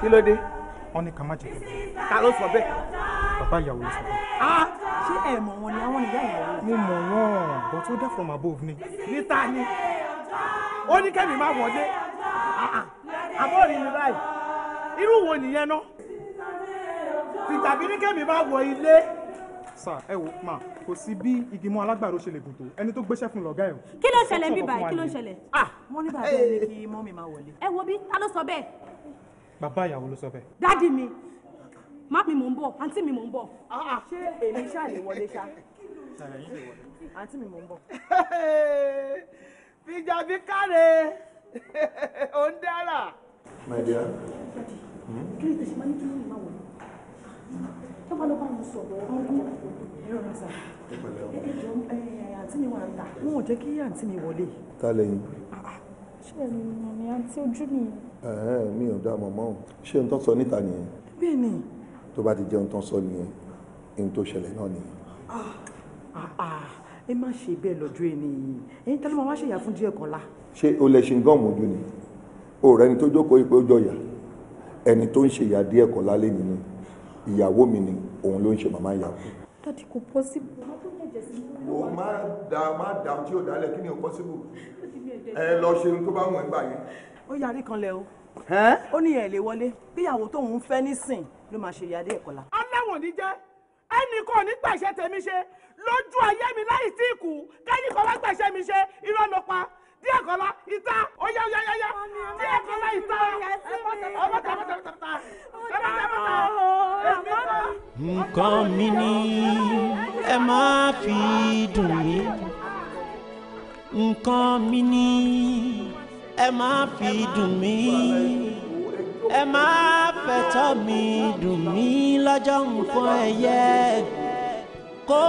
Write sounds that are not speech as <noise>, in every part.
kí ló dé. wọ́n ní ká má jẹ bẹ́ẹ̀. ta ló sọ bẹ́ẹ̀. bàbá ìyàwó ló sọ bẹ́ẹ̀. Ah, ṣé ẹ mọ̀ wọn ni àwọn ìyá ìyàwó. mo mọ̀ wọ́n but ó dẹ̀ from above ni. níta ni ó ní kẹ́mi má wọlé ah, ah, àbọ̀ rí mi báyìí irú wo nìyẹn náà tìtàbí ní kẹ́mi má wọ ilé sà ẹ wò ma kò sí bí igimọ alágbàro ṣe lè gùn tó ẹni tó gbéṣẹ́ fún lọgá ẹ o. kí ló ṣẹlẹ̀ bí báyìí kí ló ṣẹlẹ̀. wọ́n ní bàbá ẹ eh. ní kí mọ́mì máa wọlé. ẹ wo bí ta ló sọ bẹ́ẹ̀ bàbá ìyàwó ló sọ bẹ́ẹ̀. dádì mi má mi mò ń bọ̀ àǹtí mi mò ń bọ̀. Ah, ah. ṣé èmi ṣáà lè wọlé ṣá àǹtí mi mò ń bọ̀. <laughs> fìjàbí káre ò <laughs> ń dára. my dear. Hmm? kí ló dé ṣe máa ń kí ló ń máa wọlé tó bá lọ bá wọn sọ̀rọ̀ ọ̀rọ̀ ẹ̀rọ náà sà ẹ̀jọ̀ àǹtí mi wà ń ta wọn ò jẹ́ kí àǹtí mi wọlé. ta lẹ́yìn. Ah, ṣé ẹ lè yàn ní àǹtí ojú nìyẹn. mi ò dá mọ̀ mọ́ ṣé n tó sọ níta nìyẹn. bẹ́ẹ̀ ni. tó bá ti jẹ́ n tó sọ nìyẹn n tó ṣẹlẹ̀ náà nìyẹn. Ah, ah, ah, ẹ má ṣe bẹ́ẹ̀ lọ́jọ́ ẹni yìí ẹ̀yin tẹ́lẹ̀ máa wá ṣèyà fún díẹ̀ kọ́lá. ṣé o lè ṣe gọ́ọ̀mù ojú ni o rẹ ni tó jókòó ìpè ojú ọ̀yà ẹni tó ń ṣe ìyá díẹ̀ kọ́lá lé nínú ìyàwó mi ni òun ló ń ṣe màmá ìyàwó. dadi kò possible. o má dà má dà tí o dálẹ̀ kí ni o possible ẹ lọ ṣe tó bá wọn gbà yẹn. ó yarí kan lẹ o ó ní ẹ wọlé bíyàwó tóun ń fẹ́ nísìn ló máa ṣe ìyáde ẹ̀kọ́lá. aláwọ̀n ní jẹ́ ẹnì kan ní gbàṣẹ tèmi ṣe lójú ayé mi láì sí ìkù kẹ́yìn kan wá gbàṣẹ mi ṣe irọ́ ló pa díẹ̀ kọ́lá ìta ó yá yá yá yá díẹ̀ kọ́lá ìta ọmọta ọmọta nǹkan mi ni ẹ máa fi dùn mí nǹkan mi ni ẹ máa fi dùn mí ẹ máa fẹ̀tọ́ mi dùn mí lọ́jọ́ nǹkan ẹ̀yẹ kó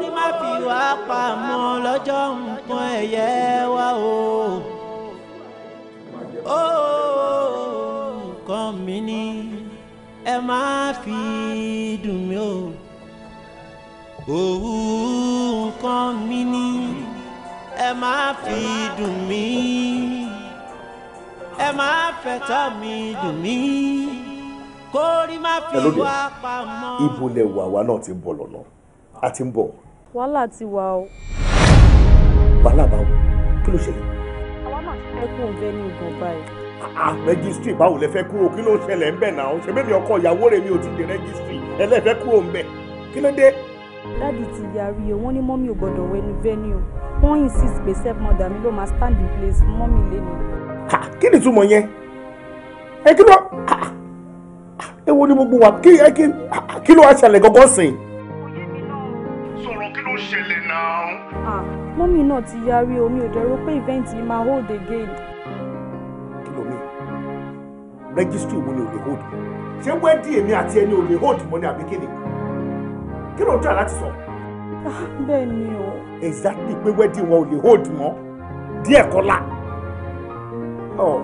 rí má fi wá pamọ́ lọ́jọ́ nǹkan ẹ̀yẹ wá o ó nǹkan mi ni ẹ máa fi dùn mí o òwú nǹkan mi ni ẹ má fi dùn mí ẹ má fẹ̀tọ́ mi dùn mí kórì má fi wá pamọ́. ibo lẹ wà wá náà ti ń bọ̀ lọ́nà a ti ń bọ̀. wàhálà ti wà o. wàhálà bá wò kí ló ṣẹlẹ̀. àwa náà ti fẹ́ kó bẹ́ẹ̀ ní ìbọn báyìí. Ah, ah, rẹ́gísítì báwo lẹ fẹ́ kúrò kí ló ṣẹlẹ̀ ń bẹ̀ náà ṣe mi ọkọ ìyàwó rẹ̀ mi ò ti di rẹ́gísítì ẹ lẹ́ fẹ́ kúrò ń bẹ̀ kí ló dé dádì ti yarí o wọ́n ní mọ́mí ò gbọ́dọ̀ wẹnu venue wọ́n insist pé stepmother mi ló máa stand in place fún mọ́mí lẹ́nu. kí ni ìtumọ̀ yẹn ẹ kí ló ẹ wo ni gbogbo wa kí ló wá ṣẹlẹ̀ gọ́gọ́ sìn. sọ̀rọ̀ kí ló ṣẹlẹ̀ náà. mọ́mí náà ti yarí o mi ò dẹ̀ pé event yìí máa hold again. kí ló mi registry wo ni o lè hold ṣé wẹ́ẹ́dì èmi àti ẹni ò lè hold mọ́ ni àbí kí kí ló ń jà láti sọ. Ah, bẹ́ẹ̀ ni o. exactly pé wedding wọn ò lè hold mọ́ díẹ̀ kọ́lá. Oh.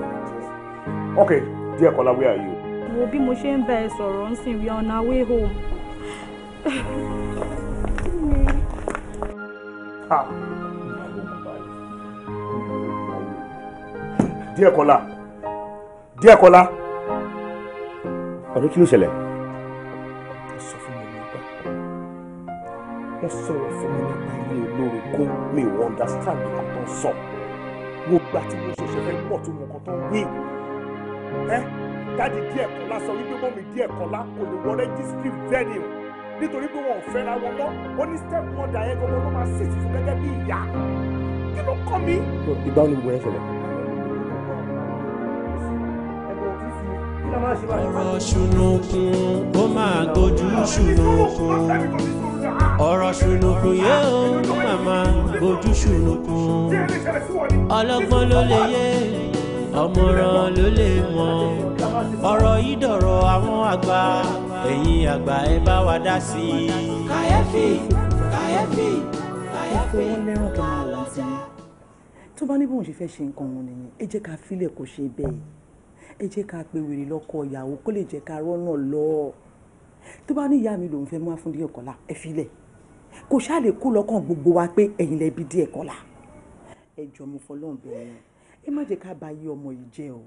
ok díẹ̀ kọ́lá where are you. wo bí mo ṣe ń bá ẹ sọ̀rọ̀ ń sìn we are on our way home. Ah. díẹ̀ kọ́lá díẹ̀ kọ́lá ọdún kí ló ṣẹlẹ̀. wọ́n sọ̀rọ̀ fún mi nípa ilé olórogún mi ò understand nǹkan tó ń sọ wọ́n gbà tí mo ṣẹ̀ṣẹ̀ fẹ́ pọ̀ tó mọ nǹkan tó ń wí ẹ́ dáàdi díẹ̀ kọ́lá sọ wípé mọ́mí díẹ̀ kọ́lá kò lè wọ registry venue nítorí pé wọn ò fẹ́ra wọn mọ́ ó ní step mother yẹn gbogbo ló máa ṣètì fún gẹ́gẹ́ bí ìyá kí ló kọ́ mi. ìgbà wo ni gbogbo yẹn ṣẹlẹ̀. ọ̀rọ̀ ṣùnùkùn ó máa gbójú ṣùnùkùn ọ̀rọ̀ ṣùnùkùn yóò màmá gbójú ṣùnùkùn ọlọ́gbọ́n ló lè yé ọmọràn ló lè mọ̀ ọ̀rọ̀ yìí dọ̀rọ̀ àwọn àgbà ẹ̀yin àgbà ẹ bá wa dá sí i. kàyéfì kàyéfì kàyéfì. ó fọwọ́ lẹ́rùn kí n máa tó bá ní bóun ṣe fẹ́ ṣe nǹkan wọn nìyẹn ẹ jẹ́ ká fílẹ̀ kó ṣe bẹ́ẹ̀ ẹ jẹ́ ká pe wèrè lọ́kọ ìyàwó kó lè jẹ́ ká rọ́nà lọ tó bá ní ìyá mi lòun fẹ́ mú afúndí ọ̀kọ́lá ẹ filẹ̀ kò ṣáà lè kó lọ́kàn gbogbo wa pé ẹ̀yin lẹ́bi díẹ̀ kọ́lá ẹ jọ mo fọlọ́n bẹ̀rẹ̀ ẹ má jẹ́ ká ba yí ọmọ yìí jẹ́ o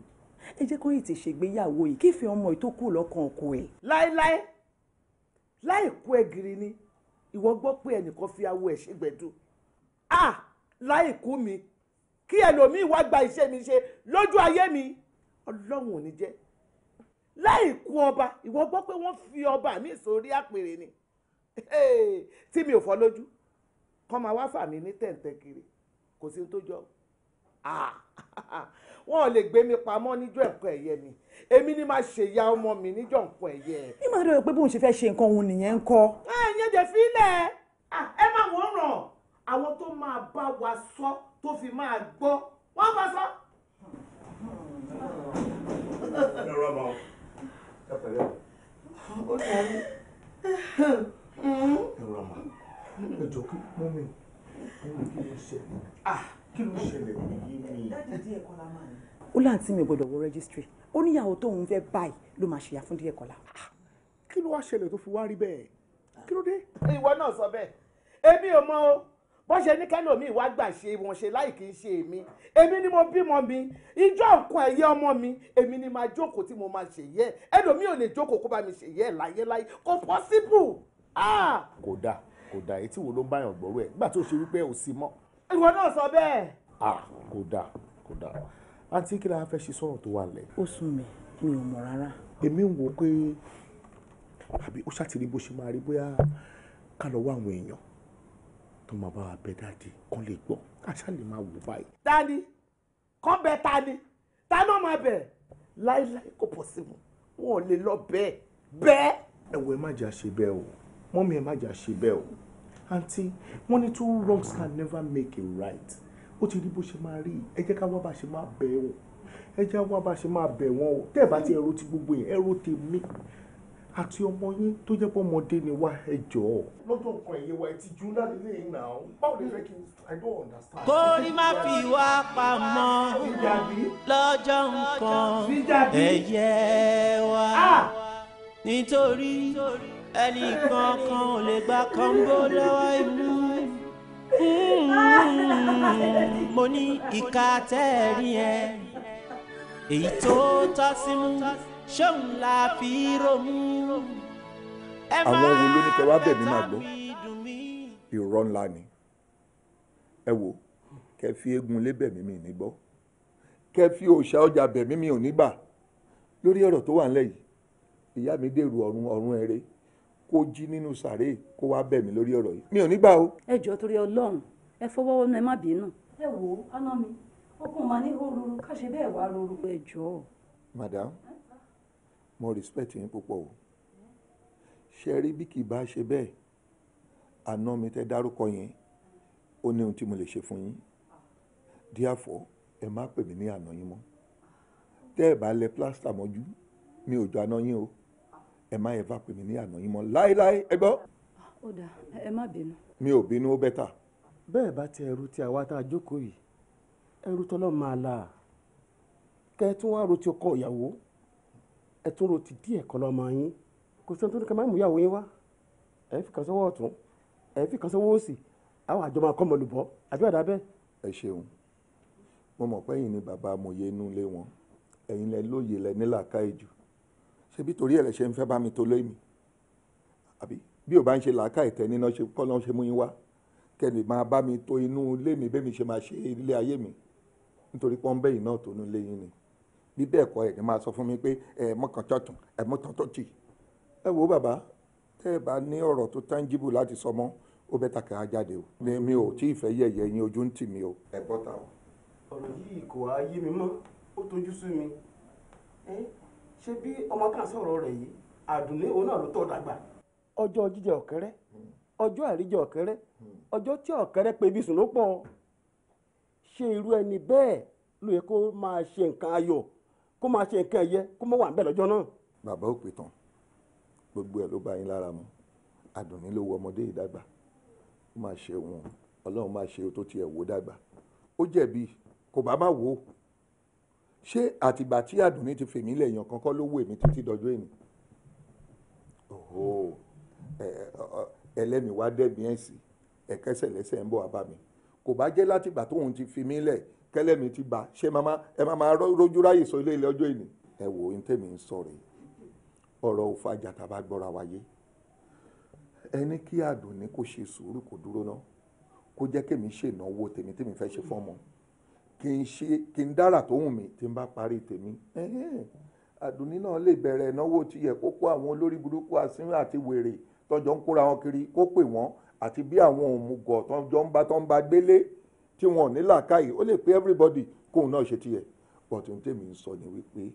ẹ jẹ́ kó yìí ti ṣègbéyàwó yìí kífẹ́ ọmọ yìí tó kú lọ́kàn ọkọ ẹ̀. láéláé láì kú ẹ gírí ni ìwọ gbọ́ pé ẹnìkan fi awo ẹ̀ ṣègbẹ̀du ah láì kú mi kí ẹlòmíì wá gba iṣẹ́ mi ṣe lójú ayé mi ọlọ́run ò ní jẹ́ láì kú ọba ìwọ gbọ́ pé wọ́n fi ọba mi sórí àpèrè ni tí mi ò fọ́ lójú kọ́ máa wá fà mí ní tẹ̀ǹtẹ̀ kiri kò sí tó jọ ah, <laughs> wọn ò lè gbé mi pamọ́ níjọ́ ẹ̀kọ́ ẹ̀yẹ mi èmi ni máa ṣe ìyá ọmọ mi níjọ́ nǹkan ẹ̀yẹ. ní màá dọ̀rọ̀ pé bóun ṣe fẹ́ ṣe nǹkan òun nìyẹn ń kọ́. ẹ ẹ̀yẹ́ jẹ́ fílẹ̀ ah, ẹ máa wọ́n ràn àwọn tó máa bá wa sọ tó fi máa gbọ́ wọ́n bá sọ ẹ rọ ma o ẹ pẹ̀lẹ́ o ẹ rọ ma ẹ jọ kí mú mi mú mi kí ló ṣẹlẹ̀ ah kí ló ṣẹlẹ̀ yí mi. ó láǹtí mi ò gbọ́dọ̀ wọ rẹ́gísítírì ó níyàwó tóun fẹ́ báyìí ló máa ṣèyà fún díẹ̀ kọ́lá. Ah, kí ló wá ṣẹlẹ̀ tó fi wá rí bẹ́ẹ̀ ah. kí ló dé. ìwọ náà sọ bẹ́ẹ̀ èmi ò o wọ́n ṣe ní kẹ́lòmíì wá gbà ṣe wọ́n ṣe láì kí n ṣe èmi èmi ni mo bímọ mi ìjọ nǹkan ẹ̀yẹ ọmọ mi èmi ni máa jókòó tí mo máa ṣe yẹ ẹlòmíì ò lè jókòó kó bá mi ṣe yẹ láyéláyé kò pọ́síbù. Ah! kò dáa kò dáa etí wo ló ń báyàn gbọ́rú ẹ̀ nígbà tó ṣe wípé ò sí mọ́. ìwọ náà sọ bẹ́ẹ̀. Ah! kò dáa kò dáa àǹtí kí la fẹ́ ṣe sọ̀rọ̀ tó wà lẹ̀. ó sún mi mi ò mọ̀ rárá. èmi ń wò ó pé àbí ó ṣàtìrí bó ṣe máa rí bóyá ká lọ wá àwọn èèyàn tó máa bá wa bẹ dáàdi kán lè gbọ́ káṣá lè máa wò báyìí. dání kán bẹ tani tani máa bẹ láíláí kò pọ̀ sí mu wọn ò lè lọ bẹ́ẹ̀ bẹ́ẹ̀. ẹ̀wọ̀ ẹ má jà ṣe bẹ́ẹ̀ o mọ́mí ẹ má jà ṣe bẹ́ẹ̀ o àǹtí wọ́n ní two wrongs can never make a right ó ti rí bó ṣe máa rí ẹ jẹ́ ká wá bá ṣe máa bẹ̀ wọ́n ẹ jẹ́ wá bá ṣe máa bẹ̀ wọ́n o tẹ́ẹ̀ bá ti ẹ̀rọ ti gbogbo yẹn ẹ̀rọ tèmi àti ọmọ yín tó jẹ́ pọ́ ọmọdé ni wá ẹ jọ̀ọ́. lọ́jọ́ ẹ̀yẹ wa ti ju ńlá nílé yìí náà báwo ni fẹ́ kí i don't understand. kó rí má fi wá pamọ́ lọ́jọ́ nǹkan ẹ̀yẹ wa ah! nítorí ẹnì kankan ò lè gba kọ́ńgó lọ́wọ́ ìlú. Hmm. mo ní ìka tẹ́ẹ̀rí ẹ èyí tó tọ́ sí mú ṣóun la fi ronú. àwọn wo ló ní kẹ wá bẹ̀ mí máa gbọ́ irọ́ ńlá ni ẹ wò kẹ fi eégún lé bẹ̀ mí mi ní gbọ́ kẹ fi òòṣà ọjà bẹ̀ mí mi ò ní gbà lórí ọ̀rọ̀ tó wà ńlẹ̀ yìí ìyá mi dèrò ọ̀run ọ̀run ẹ̀rẹ́ kó jí nínú sàréè kó wá bẹ̀ mí lórí ọ̀rọ̀ yìí mi ò ní gbà o. ẹ jọ̀ọ́ torí Ọlọ́run ẹ fọwọ́ wọnú ẹ má bínú. ẹ wò ó aná mi ọkùnrin màá ní hó ká ṣe bẹ́ẹ̀ wá ruru. ẹ jọ̀ọ́. madam mo respect yín púpọ̀ o ṣe rí bí kì í bá ṣe bẹ́ẹ̀ àná mi tẹ́ dárúkọ yẹn ó ní ohun tí mo lè ṣe fún yín therefore ẹ má pè mí ní àná yín mọ́ tẹ́ ẹ bá lẹ plaster mọ́jú mi ò jọ àná yín o ẹ má yẹ bá pè mí ní àná yín mọ́ láéláé ẹ gbọ́. ó dà ẹ má bínú. mi ò bínú ó bẹ́tà. bẹ́ẹ̀ bá ti ẹrù ti àwa tá a jókòó yìí ẹrù tọ́lọ́ máa la kẹ́ ẹ tún wá ro ti ọkọ ìyàwó ẹ tún ro ti díẹ̀ kọ́ lọ́mọ yín kò sí ohun tó ní ká má mú ìyàwó yín wá ẹ fi kàn sọ́wọ́ ọ̀tún ẹ fi kàn sọ́wọ́ òsì àwọn àjọ máa kọ́ mọ̀ lùbọ́ àjọ àdá bẹ́ẹ̀. ẹ ṣeun mo mọ̀ pé ẹ̀yin ni bàbá amòye inú ilé wọn ẹ̀yin lẹ lóye lẹ ní làákàyè jù ṣebí torí ẹ̀ lẹ ṣe ń fẹ́ bá mi tó lóyún mi àbí bí ò bá ń ṣe làákàyè tẹ níná kọ́ náà ṣe mú yín wá kẹ́lẹ̀ máa bá mi tó inú ilé mi bẹ́ẹ̀ mi ṣe máa ṣe ilé ayé mi nítorí pọ́ńbẹ́yìn náà tó inú ilé yín ni bí bẹ́ẹ̀ ẹ̀ máa sọ fún mi ẹ ẹ ẹ wo bàbá ẹ bá ní ọ̀rọ̀ tó láti sọ mọ́ ó bẹ́ tàkà á jáde o mi ò tí ì fẹ́ yẹ̀yẹ́ yín ojú ń tì o ẹ bọ́ o. ọ̀rọ̀ yìí kò á yé mi mọ́ ó tójú sú mi ṣe bí ọmọ sọ̀rọ̀ rẹ̀ yìí òun náà ló tọ́ dàgbà. ọjọ́ jíjẹ ọ̀kẹ́rẹ́ hmm. ọjọ́ àríjẹ ọ̀kẹ́rẹ́ hmm. ọjọ́ ṣe irú ẹni bẹ́ẹ̀ ló yẹ kó máa ṣe kó máa ṣe nǹkan ẹ̀yẹ kó má wà ń bẹ̀ lọ́jọ́ náà. bàbá ò pé tán gbogbo ẹ̀ ló bá yín lára mu àdùnní ló wọ ọmọdé ìdàgbà ó máa ṣe wọn ọlọ́run máa ṣe tó tiẹ̀ wò dàgbà ó jẹ̀bi kò bá má wò ó ṣé àtìgbà tí àdùnní ti fèmí lẹ́yìn ọ̀kan kọ́ ló wò èmi títí dọjọ́ èmi oho ẹlẹ́mi wá dẹ́bi ẹ̀sìn ẹ̀kẹ́sẹ̀ lẹ́sẹ̀ ń bọ̀ wá bá mi kò bá jẹ́ látìgbà tóun ti fi mí kẹ́lẹ́ mi ti gbà ṣé ẹ máa máa rójú ráyè sọ ilé ilé ọjọ́ ìní. ẹ wò ó tèmi ń sọ rèé ọ̀rọ̀ òfàjà tàbá gbọ́ra wáyé ẹni kí àdùnní kò ṣe sùúrù kò dúró ná kó jẹ́ kémi ṣe ìnáwó tèmi tèmi fẹ́ ṣe fọ́mọ kí n ṣe kí n dára tó wùn mí tí n bá parí tèmi àdùnní náà lè bẹ̀rẹ̀ ìnáwó tí kó kó àwọn olórí burúkú asínwó àti wèrè tọ́jọ́ ń kóra wọn kiri kó pè wọ́n àti bí àwọn òmùgọ̀ tọ́jọ́ ń bá tọ́ ń bá gbélé tí wọn ò ní làákàyè ó lè pé everybody kóun náà ṣe tiẹ̀ but ohun tèmi ń sọ ni wípé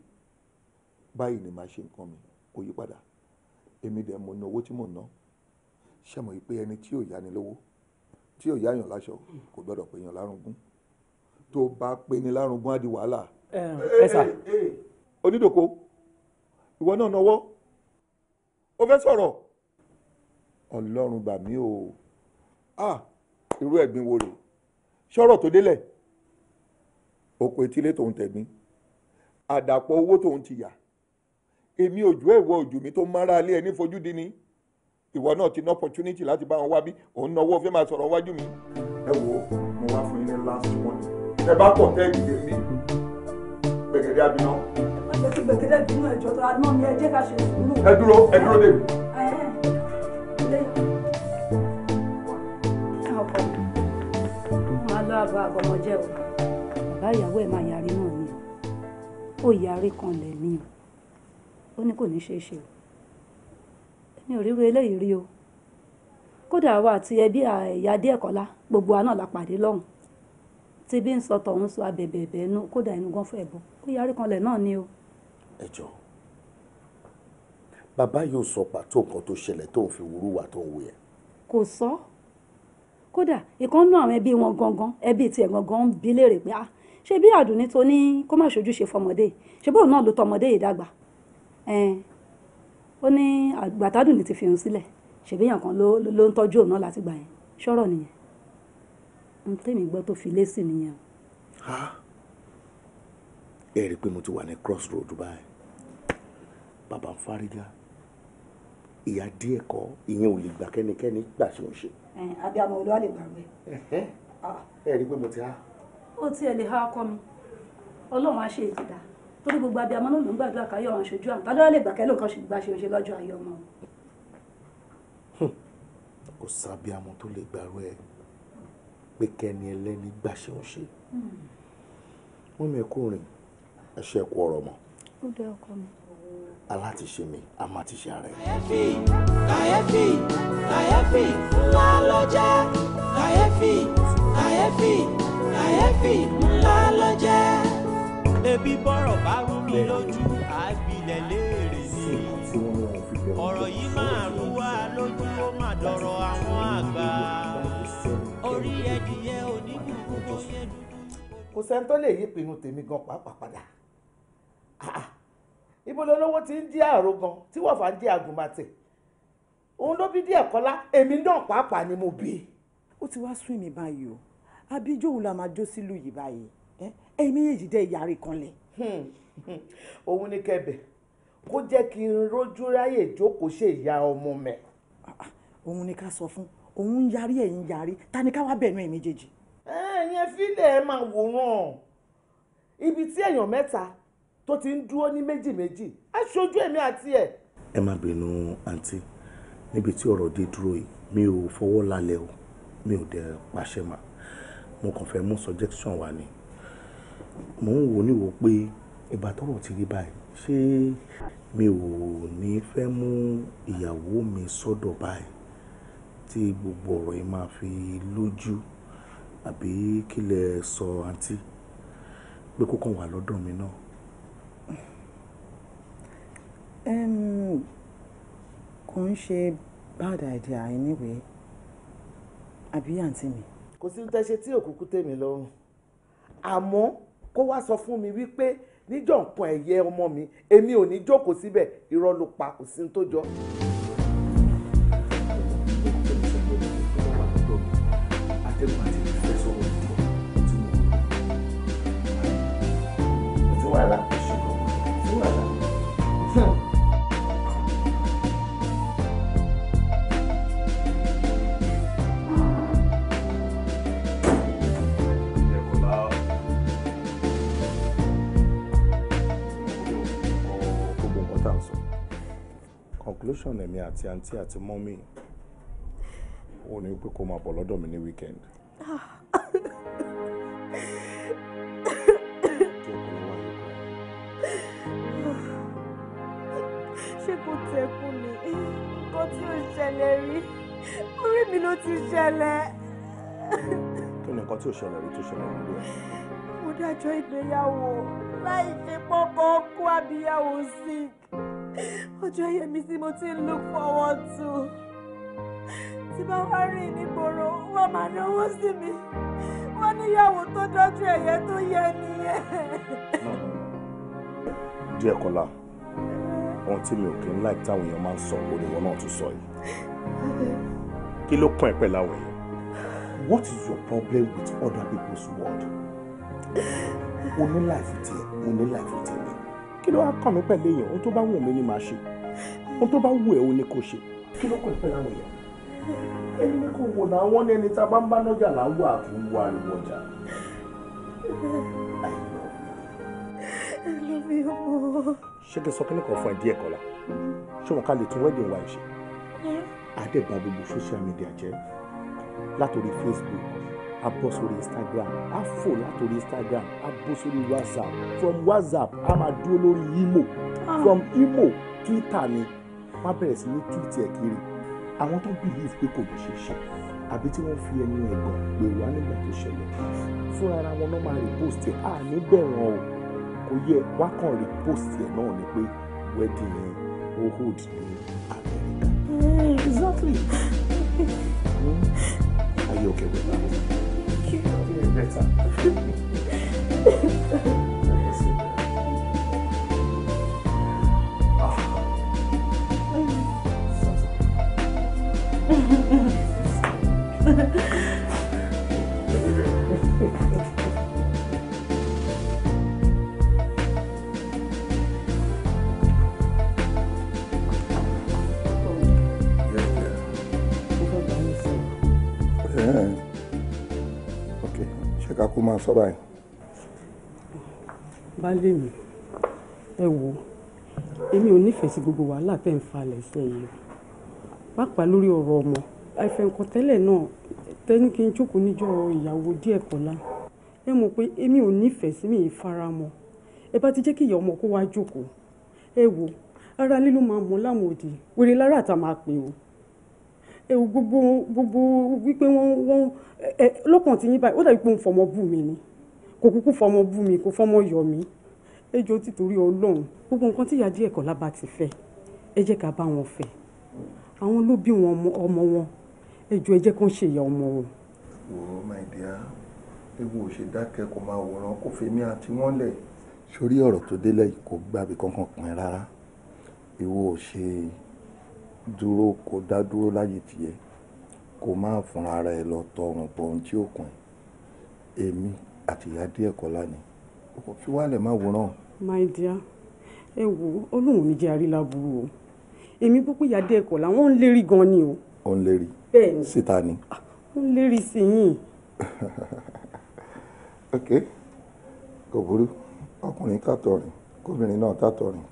báyìí ni màá ṣe nǹkan mi kò yí padà èmi dẹ̀ mo ná owó tí mò ń ná ṣe mọ̀ pé ẹni tí ò yá ni lówó tí ò yáyàn láṣọ kò gbọ́dọ̀ pé yàn lárúngún tó bá pé ni lárúngún á di wàhálà. ẹ sà onídòkó ìwọ náà náwó ó fẹ́ sọ̀rọ̀ ọlọ́run gbà mí o ah irú ẹ̀gbin wo rèé ṣọ́rọ̀ tó délẹ̀ oko etílé tòun tẹ̀gbín àdàpọ̀ owó tòun ti yà èmi òjò ẹ̀wọ̀ òjò mi tó mára alé ẹni fojú di ni ìwọ náà ti ní opportunity láti bá wọn wá bí òun náà wọ́n fẹ́ máa sọ̀rọ̀ wájú mi. ẹ wo mo wá fún yín ní last warning ẹ bá pọ̀ tẹ́ ìdílé mi gbẹ̀gẹ̀dẹ̀ abiná. ẹ dúró ẹ dúró dé mi. àbọ̀mọjẹ́ o bàbá ìyàwó ẹ̀ máa yarí náà ni ó yarí kan lẹ̀ ni o ó ní kò ní ṣeé ṣe o èmi ò ríro eléyìí rí o kódà àwa àti ẹbí ẹ̀yà díẹ̀ kọ́lá gbogbo àná la pàdé lọ́hùn tí bí ń sọ tọ̀hún sọ abẹ̀bẹ̀ ẹ̀bẹ̀ ẹnu kódà ẹnu gan fẹ́ bọ́ ó yarí kan lẹ̀ náà ni o. ẹ jọ bàbá yóò sọ pàtó nǹkan tó ṣẹlẹ̀ tó ń fi wúrú wà tó ń wù yẹn. kò sọ. So? kódà ìkan nú àwọn ẹbí wọn gangan ẹbí tiẹ̀ gangan ń bi léèrè pé ah ṣé bí àdùnní tó ní kó má ṣojú ṣe fọmọdé ṣe bóun náà ló tọmọdé yìí dàgbà ó ní àgbàtàdùnní ti fi hàn sílẹ̀ ṣèbíyàn kan ló ń tọ́jú òun náà láti gbà yẹn ṣọ́rọ̀ nìyẹn n tèmi gbọ́ tó fi lésì nìyẹn. ẹ rí i pé mo ti wà ní cross road báyìí bàbá ń fárígá ìyá díẹ̀ kọ́ ìyẹn ò lè gbà kẹ́nikẹ́ni gbà ṣe ń ṣe abiyamọ olúwa lè gbàgbé. Ah. ẹ rí i pé mo ti há. ó tiẹ̀ lè há ọkọ mi ọlọ́run á ṣe ìdìdà torí gbogbo abiyamọ náà ló ń gbàdúrà káyọ̀ àwọn aṣojú àwọn tádọ́rọ́ lè gbàkẹ́ lóǹkan ṣe gbà ṣe ń ṣe lọ́jọ́ ayé ọmọ. kò sábíamọ tó lè gbàrú ẹ pé kẹ́ni ẹlẹ́ni gbà ṣe ń ṣe wọ́n hmm. mẹ́kù rìn ẹ̀ṣẹ̀ kú ọ̀rọ̀ mọ́. ó dé ọkọ mi alátiṣe mi a máa ti ṣe ara kàyéfì kàyéfì kàyéfì ńlá ló jẹ́ kàyéfì kàyéfì kàyéfì ńlá ló jẹ́. ebi bọ́rọ̀ bá rú mi lójú àgbilẹ̀ léèrè ni ọ̀rọ̀ yìí máa rú wa lójú ó máa dọ̀rọ̀ àwọn àgbà orí ẹdìyẹ oníkùkù tó yẹ dúdú. kò sẹ́ni tó lè yí ìpinnu tèmi gan pàápàá padà ibo lolówó ti ń jí àrògan tí wọ̀fà ń jí àgùnmàtẹ̀ òun ló bí díẹ̀ kọ́lá èmi náà pàápàá ni mo bí. ó ti wá sún mi báyìí o abijó òun la máa jó sílùú yìí báyìí ẹ̀yin méjèèjì dẹ́ ìyá rẹ̀ kanlẹ̀. Hmm, hmm. òun ní kẹbẹ̀ kó jẹ́ kí n rójú ráyè jókòó ṣe ìyá ọmọ mẹ́. Ah, ah, òun ni ká sọ fún òun ń yarí ẹ̀yin yarí ta ni ká wá bẹ̀nu ẹ̀ méjèèjì. ẹ̀yin fílẹ̀ ẹ̀ máa wòran ibi tí èèyàn mẹ́ta tó ti ń dúró ní méjì méjì á ṣojú èmi àti ẹ̀. ẹ má bínú àǹtí níbi tí ọ̀rọ̀ dé dúró yìí mi ò fọwọ́ lálẹ́ o mi ò dẹ̀ pàṣẹ mà mo kàn fẹ́ mú suggestion wá ni mò ń wò níwò pé ìgbà tọ́rọ̀ ti rí báyìí ṣé mi ò ní fẹ́ mú ìyàwó mi sọ́dọ̀ báyìí tí gbogbo ọ̀rọ̀ yìí máa fi lójú àbí kí sọ àǹtí pé kó wà lọ́dọ̀ mi náà kò ń ṣe bad idea anyway àbí àǹtí mi. kò sí tẹ́ ṣe tí òkùnkù tèmi lọ́rùn àmọ́ kó wá sọ fún mi wípé níjọ́ nǹkan ẹ̀yẹ ọmọ mi èmi ò ní jókòó síbẹ̀ irọ́ ló pa kò sí tó jọ. atẹ́gùn àti solution èmi àti àǹtí àti mọ́mí ò ní pé kó máa bọ̀ lọ́dọ̀ mi ní weekend. ṣé kò tẹ kú ni nǹkan tí ò ṣẹlẹ̀ rí orí mi ló ti ṣẹlẹ̀. kí ni nǹkan tí ò ṣẹlẹ̀ rí tó ṣẹlẹ̀ nílé ẹ̀. mo dájọ́ ìgbéyàwó láì ṣe pọ́pọ́ kó àbíyàwó sí i ọjọ́ yẹmi tí mo ti ń look forward to tí bá wá rìn nígboro wọ́n máa náwó sí mi wọ́n níyàwó tó dọ́jú ẹ̀yẹ tó yẹ nìyẹn. díẹ̀ kọ́lá ohun tí mi ò kí ń láì táwọn èèyàn máa ń sọ òdìwọ́n náà tún sọ yìí kí ló kàn ẹ́ pẹ̀lú àwọn èèyàn what is your problem with other people's world? o ní láìfi tiẹ̀ o ní láìfi tẹ̀lé kí ló wá kàn mí pẹ̀lú èèyàn ohun tó bá wù mí ni màá ṣe ohun tó bá wù ẹ́ o ni kò ṣe kí ló kàn mí pẹ̀lú àwọn èèyàn ẹni ní kò wò náà wọ́n ní ẹni tá a bá ń bá lọ́jà láwù àtúwò àríwọ̀ ọjà. ṣé kí n sọ kí ni kò fún ẹ díẹ̀ kọ́lá ṣé wọn ká lè tún wedding wa ẹ̀ ṣe àdẹ̀bà gbogbo social media jẹ́ látòrí Facebook a bọ́ sórí instagram a fò látòrí instagram a bọ́ sórí whatsapp from whatsapp a máa dúró lórí imo ah. from imo twitter ni wọ́n bẹ̀rẹ̀ sí ní túwìtì ẹ̀ kiri àwọn tó believe pé kò ní ṣe ṣe àbí tí wọ́n fi ẹnu ẹ̀gàn pé wà nígbà tó ṣẹlẹ̀ fúnra ara wọn náà máa repost ẹ̀ à ní bẹ̀rẹ̀ o kò yẹ wá kàn repost ẹ̀ náà ni pé wedding ni ó hold ní Amẹ́ríkà. Hmm. exactly. ayé òkè wẹ̀ báwo better. Ha ha <laughs> ha. ká kó máa sọ báyìí. baálé mi ẹ wo èmi gbogbo wàhálà tẹ̀ ń falẹ̀ sẹ́yìn pàápàá lórí ọ̀rọ̀ ọmọ àìfẹ̀ǹkọ̀tẹ́lẹ̀ náà tẹ́ni kí n jókòó níjọ́ ìyàwó díẹ̀ kọ́lá ẹ mọ̀ pé èmi mi ẹ bá ti jẹ́ kí ìyá ọmọ kó jókòó ara lílo máa mọ̀ láwọn òdì wèrè lára pè gbogbo gbogbo wípé wọ́n wọ́n ẹ lọ́kàn tí yín báyìí ó dàbí pé òun fọmọ bù mí ni kò kúkú fọmọ bù mí kò fọmọ yọ mí ẹ jọ̀ọ́ títorí Ọlọ́run gbogbo nǹkan tí ìyá díẹ̀ kọ́ lába ti fẹ́ ẹ jẹ́ ká bá wọn fẹ́ àwọn ló bí wọn ọmọ wọn ẹ jọ̀ọ́ ẹ jẹ́ kán ṣèyà ọmọ wọn. wò my dear ewu ò ṣe dákẹ́ kó máa wòran kó fèmí àti wọ́n lẹ̀. sórí ọ̀rọ̀ tó délẹ̀ kò gbàbí kankan pin rárá ìwọ ò ṣe dúró kó dá dúró láyé tìyẹ́ kó má fúnra ara ẹ lọ tọrùn bọ ohun tí ó kàn èmi àti ìyá díẹ̀ kọ́ lánìí ó fi wálẹ̀ má wòran. my dear ẹ wo olóhùn mi jẹ́ àrí láburú o èmi gbọ́ pé ìyá díẹ̀ kọ́ làwọn ń lérí gan ni o. ó ń lérí síta ni. Ah, ó ń lérí sí yín. <laughs> ok kò burú ọkùnrin tàtọ̀rìn kóbìnrin náà tàtọ̀rìn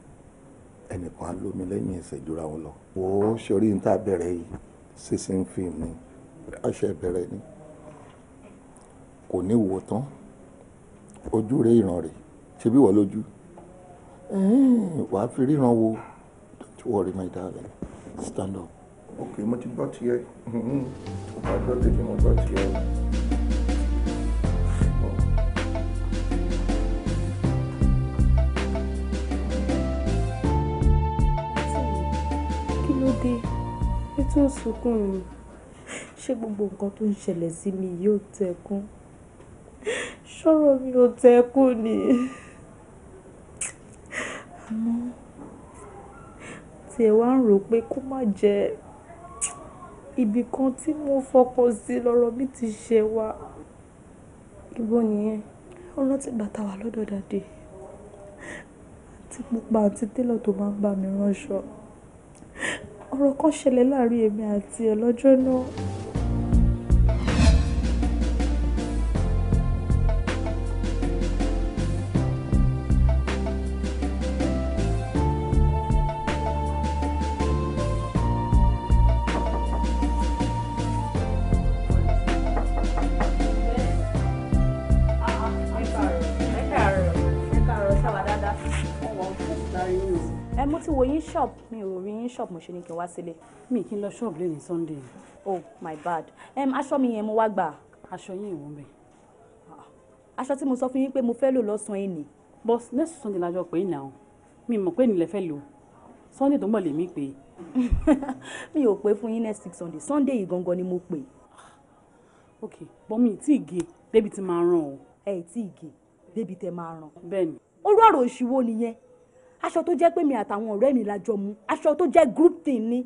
ẹnìkan á lómi lẹ́yìn ẹsẹ̀ jura wọn lọ. wò ó ṣorí ní tá bẹ̀rẹ̀ yìí sísìn fíìmù àṣẹ ìbẹ̀rẹ̀ ni kò ní wo tán ojú rẹ ìran rẹ ṣe bí wọ lójú wàá fi ríran wo don't worry my darling stand up. ok mo ti gbọ́ tiẹ̀ mo bá gbọ́ tiẹ̀ mo gbọ́ tiẹ̀. kí ló dé tí ó sunkún ni ṣé gbogbo nǹkan tó ń ṣẹlẹ̀ sí mi yóò tẹ́ ṣọ́rọ̀ mi ò tẹ́ ni àmọ́ tiẹ̀ wá ń rò pé kó má jẹ́ ibì kan tí mo fọkàn sí lọ́rọ̀ mi ti ṣe wá ibo nìyẹn ọlọ́tí bàtà wà lọ́dọ̀ dàdé àti pupa àti télọ̀ tó máa ń bá mi ránṣọ ọ̀rọ̀ kan ṣẹlẹ̀ láàrin èmi àti ẹ̀ lọ́jọ́ náà ní ṣọ́ọ̀bù mo ṣe ní kí n wá sílé. mi kì í lọ ṣọ́ọ̀bù lẹ́yìn sunday. oh my bad um, aṣọ mi yẹn mo wá gbà. aṣọ yín ìwọ mi. Ah, aṣọ tí mo sọ fún yín pé mo fẹ́ lò lọ́sàn-án yìí ni. bọ́s next sunday la jọ pé ìnà o mi mọ̀ pé nílẹ̀ fẹ́ lò sunday tó mọ̀ lè mí pé. <laughs> mi ò pé fún yín next six sunday sunday yìí gangan ni mo pè. ok bọ́mi tí ì gé e. débi tí máa ràn o. ẹ tí ì gé e. débi tẹ máa ràn. bẹ́ẹ̀ni. ó rọrùn òṣìwò nìyẹn aṣọ tó jẹ́ pé mi àtàwọn ọ̀rẹ́ mi la jọ mu aṣọ tó jẹ́ group thing ni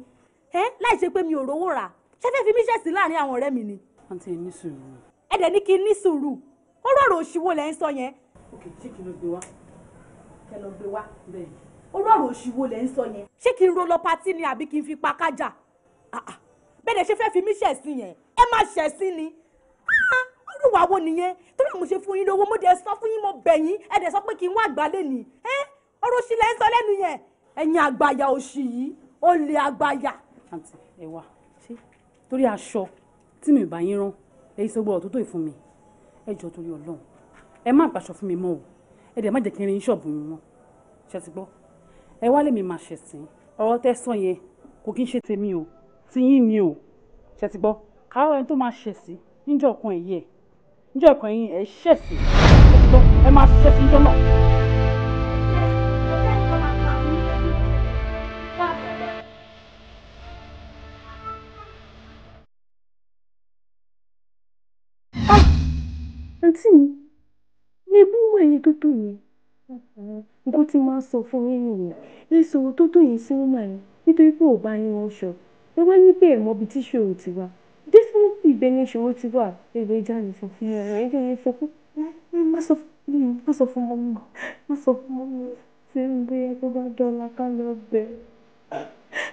ẹ láì ṣe pé mi ò rówó rà ṣé fẹ́ fi mí ṣẹ̀sín láàrin àwọn ọ̀rẹ́ mi ni. àǹtí ní sùúrù. ẹ dẹ̀ ní kí n ní sùúrù ó rọrùn òṣìwò lẹ́ ń sọ yẹn. òkè tí kì gbé wá kẹ gbé wá bẹ́ẹ̀ ó rọrùn òṣìwò lẹ́ ń sọ yẹn. ṣé kí n ro lọ patí ni àbí kí n fi pa kájà ah, ah. bẹ́ẹ̀ dẹ̀ ṣe fi mí ṣẹ̀sín yẹn ẹ má ṣẹ̀sín ni ah, mo ṣe fún yín lówó mo dẹ̀ ọ̀rọ̀ òṣì lẹ́ ń sọ lẹ́nu yẹn ẹ̀yin àgbàyà òṣì yìí olè àgbàyà. àǹtí ẹ wá ṣé torí aṣọ tí mi bá yín rán èyí sọ gbọ́dọ̀ tó tó ìfún mi ẹ jọ torí Ọlọ́run ẹ má pàṣọ fún mi mọ́ o ẹ dẹ̀ má jẹ́ kí n rin ṣọ́ọ̀bù mi wọn ṣe ti gbọ́ ẹ wá lè mi máa ṣẹ̀sìn ọ̀rọ̀ tẹ́sán yẹn kò kí n ṣe tèmi o ti yín ni o ṣe ti gbọ́ káwọn ẹni tó máa ṣẹ̀sìn níjọ́ kan ẹ̀yẹ níjọ́ kan ẹ̀yìn ẹ̀ ṣẹ̀sìn ẹ máa ṣẹ̀sìn níjọ́ náà. àǹtí mi ẹ bú ẹ̀yẹ tó tó yìí nǹkan tí màá sọ fún yín nìyẹn ẹ sọ̀rọ̀ tó tó yìí sí wúmà yẹn nítorí pé ò bá yín ránṣọ ẹ wá ní pé ẹ mọ ibi tí ti wá definitely ibẹ̀ ni ìṣòro ti wá ẹ̀rọ ẹja lè sọ fún yín ẹ̀rọ ẹja lè sọ fún má má sọ fún mọ́mí má sọ fún mọ́mí tí ń bóyá tó bá dọ́là ká lọ bẹ̀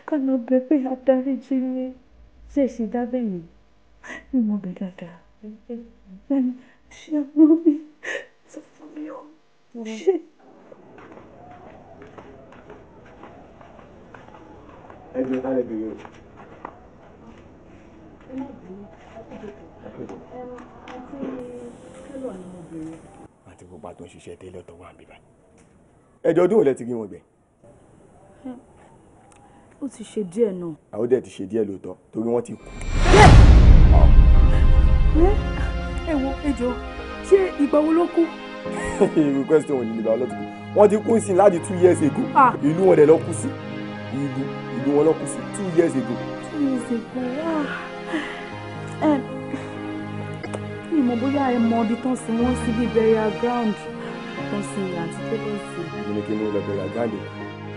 ká lọ bẹ̀ pé adáríjì mi ṣèṣì dábẹ́ mi mo bẹ̀ dáadáa ṣàánú mi sọ fún mi o ṣe. ẹgbẹ́ ta lè bèrè o. àti gbogbo àtúnṣe ṣiṣẹ́ tẹ́lẹ̀ ọ̀tọ̀ wà níbí ẹjọ́ ọdún òlẹ́ ti rí wọn gbẹ. ó ti ṣe díẹ̀ náà. àwọn dẹ̀ ti ṣe díẹ̀ lóòótọ́ torí wọ́n ti kú ẹ wo ẹjọ ṣé ìgbà wo ló kú. <laughs> request wọn nílùú ìbáwọ lọtọ wọn ti kú sí láti two years ago ah. ìlú wọn dẹ lọ kú sí ìlú ìlú wọn lọ kú sí two years ago. two years ago ah. ẹ ìmọ̀ bóyá ẹ mọ ibi tán sí wọ́n sí bíi burial ground tán sí àti tẹ́lẹ̀ sí. ìyẹn kí ló lọ burial ground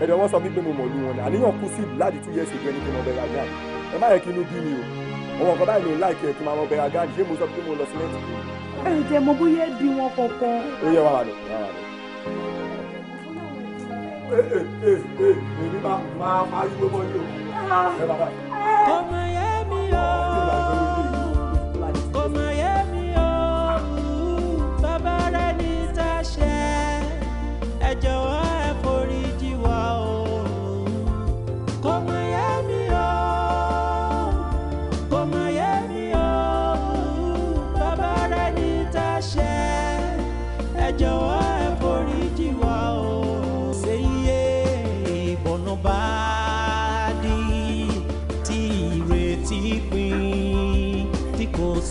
ẹ̀dọ̀ wọn sọ fún mi pé mo mọ̀ ìlú wọn ni àníyàn kú sí láti two years ago ẹni pé mo burial ground ẹ má yẹ kí inú bí mi o ọmọ kan báyìí ló ń láìkí ẹ̀ kí máa mọ bẹ̀rẹ̀ àgáàdì ṣé mo sọ pé mo lọ sí lẹ́tì. ẹ jẹ́ mo bóyá bí wọn kankan. ó yẹ wàhálà lọ wàhálà lọ. èmi máa máa fa ayúgbó mọ́ yìí o. ọmọ yẹn mi yọ.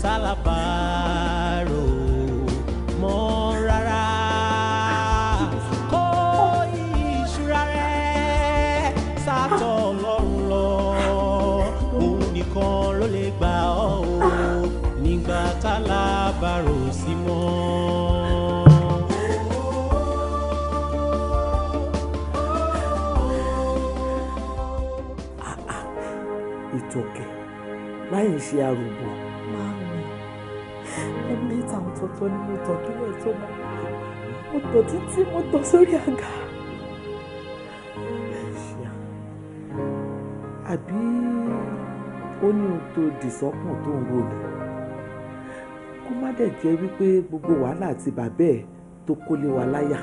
sálàbàárò mọ́ rárá kó ìṣúra rẹ̀ sátọ̀ ọlọ́run lọ òun nìkan ló lè gbà ọ́ o nígbà tálábàárò sí mọ́. Ah, ah. láì ṣe àrò ìtọ̀ ni mo tọ̀ kílẹ̀ tó mọ́ mo tọ̀ títí mo tọ̀ sórí àga. àbí ó ní ohun tó dì sọ́kùn tó ń wò ní kó má dẹ̀ jẹ́ wípé gbogbo wàhálà àti bàbá ẹ̀ tó kó lé wa láyà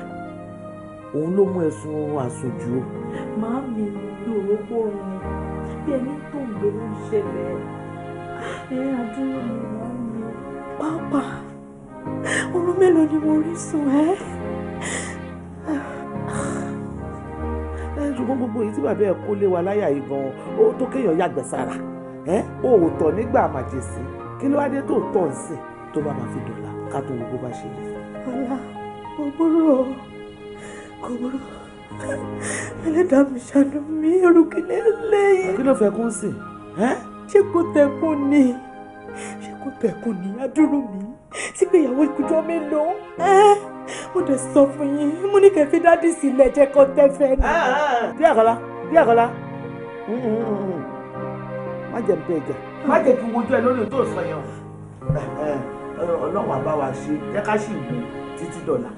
òun ló mú ẹ̀sùn oorun àsùnjù o. màámi mi ò rògbò oorun bí ẹni tó ń gbé ló ń ṣẹlẹ̀ ẹ adúrò mi màámi pàápàá. Òru mélòó ni mo rí sùn ẹ́? ṣùgbọ́n gbogbo èyí tí bàbá ẹ̀ kó lé wa láyà yìí gan-an ó tó kéèyàn yàgbẹ́ sára ẹ́ o ò tọ̀ nígbà màjèsí kí ló wá dé tó tọ̀ ń sìn tó bá máa fi dọ̀la ká tó gbogbo bá ṣe rí. ọ̀la kò burú ẹlẹ́dàá mi ṣàánú mi orúkí lélẹ́yìn. kí ló fẹ́ kó ń sìn? ṣé kò tẹ̀kún ni? ṣé kò tẹ̀kùn ní adúrú mi sígbéyàwó ìkújọ́ mélòó mo dẹ̀ sọ fún yín mo ní kẹfí dádì sílẹ̀ jẹ́ kó tẹ́fẹ́ ni. bí àkọlá bí àkọlá má jẹ́ bẹ́ẹ̀ jẹ́ má jẹ́ kí wojú ẹ lórí tó sọ yẹn o ọlọ́run àbáwá ṣe jẹ́ ká sì wù títí dọ̀là.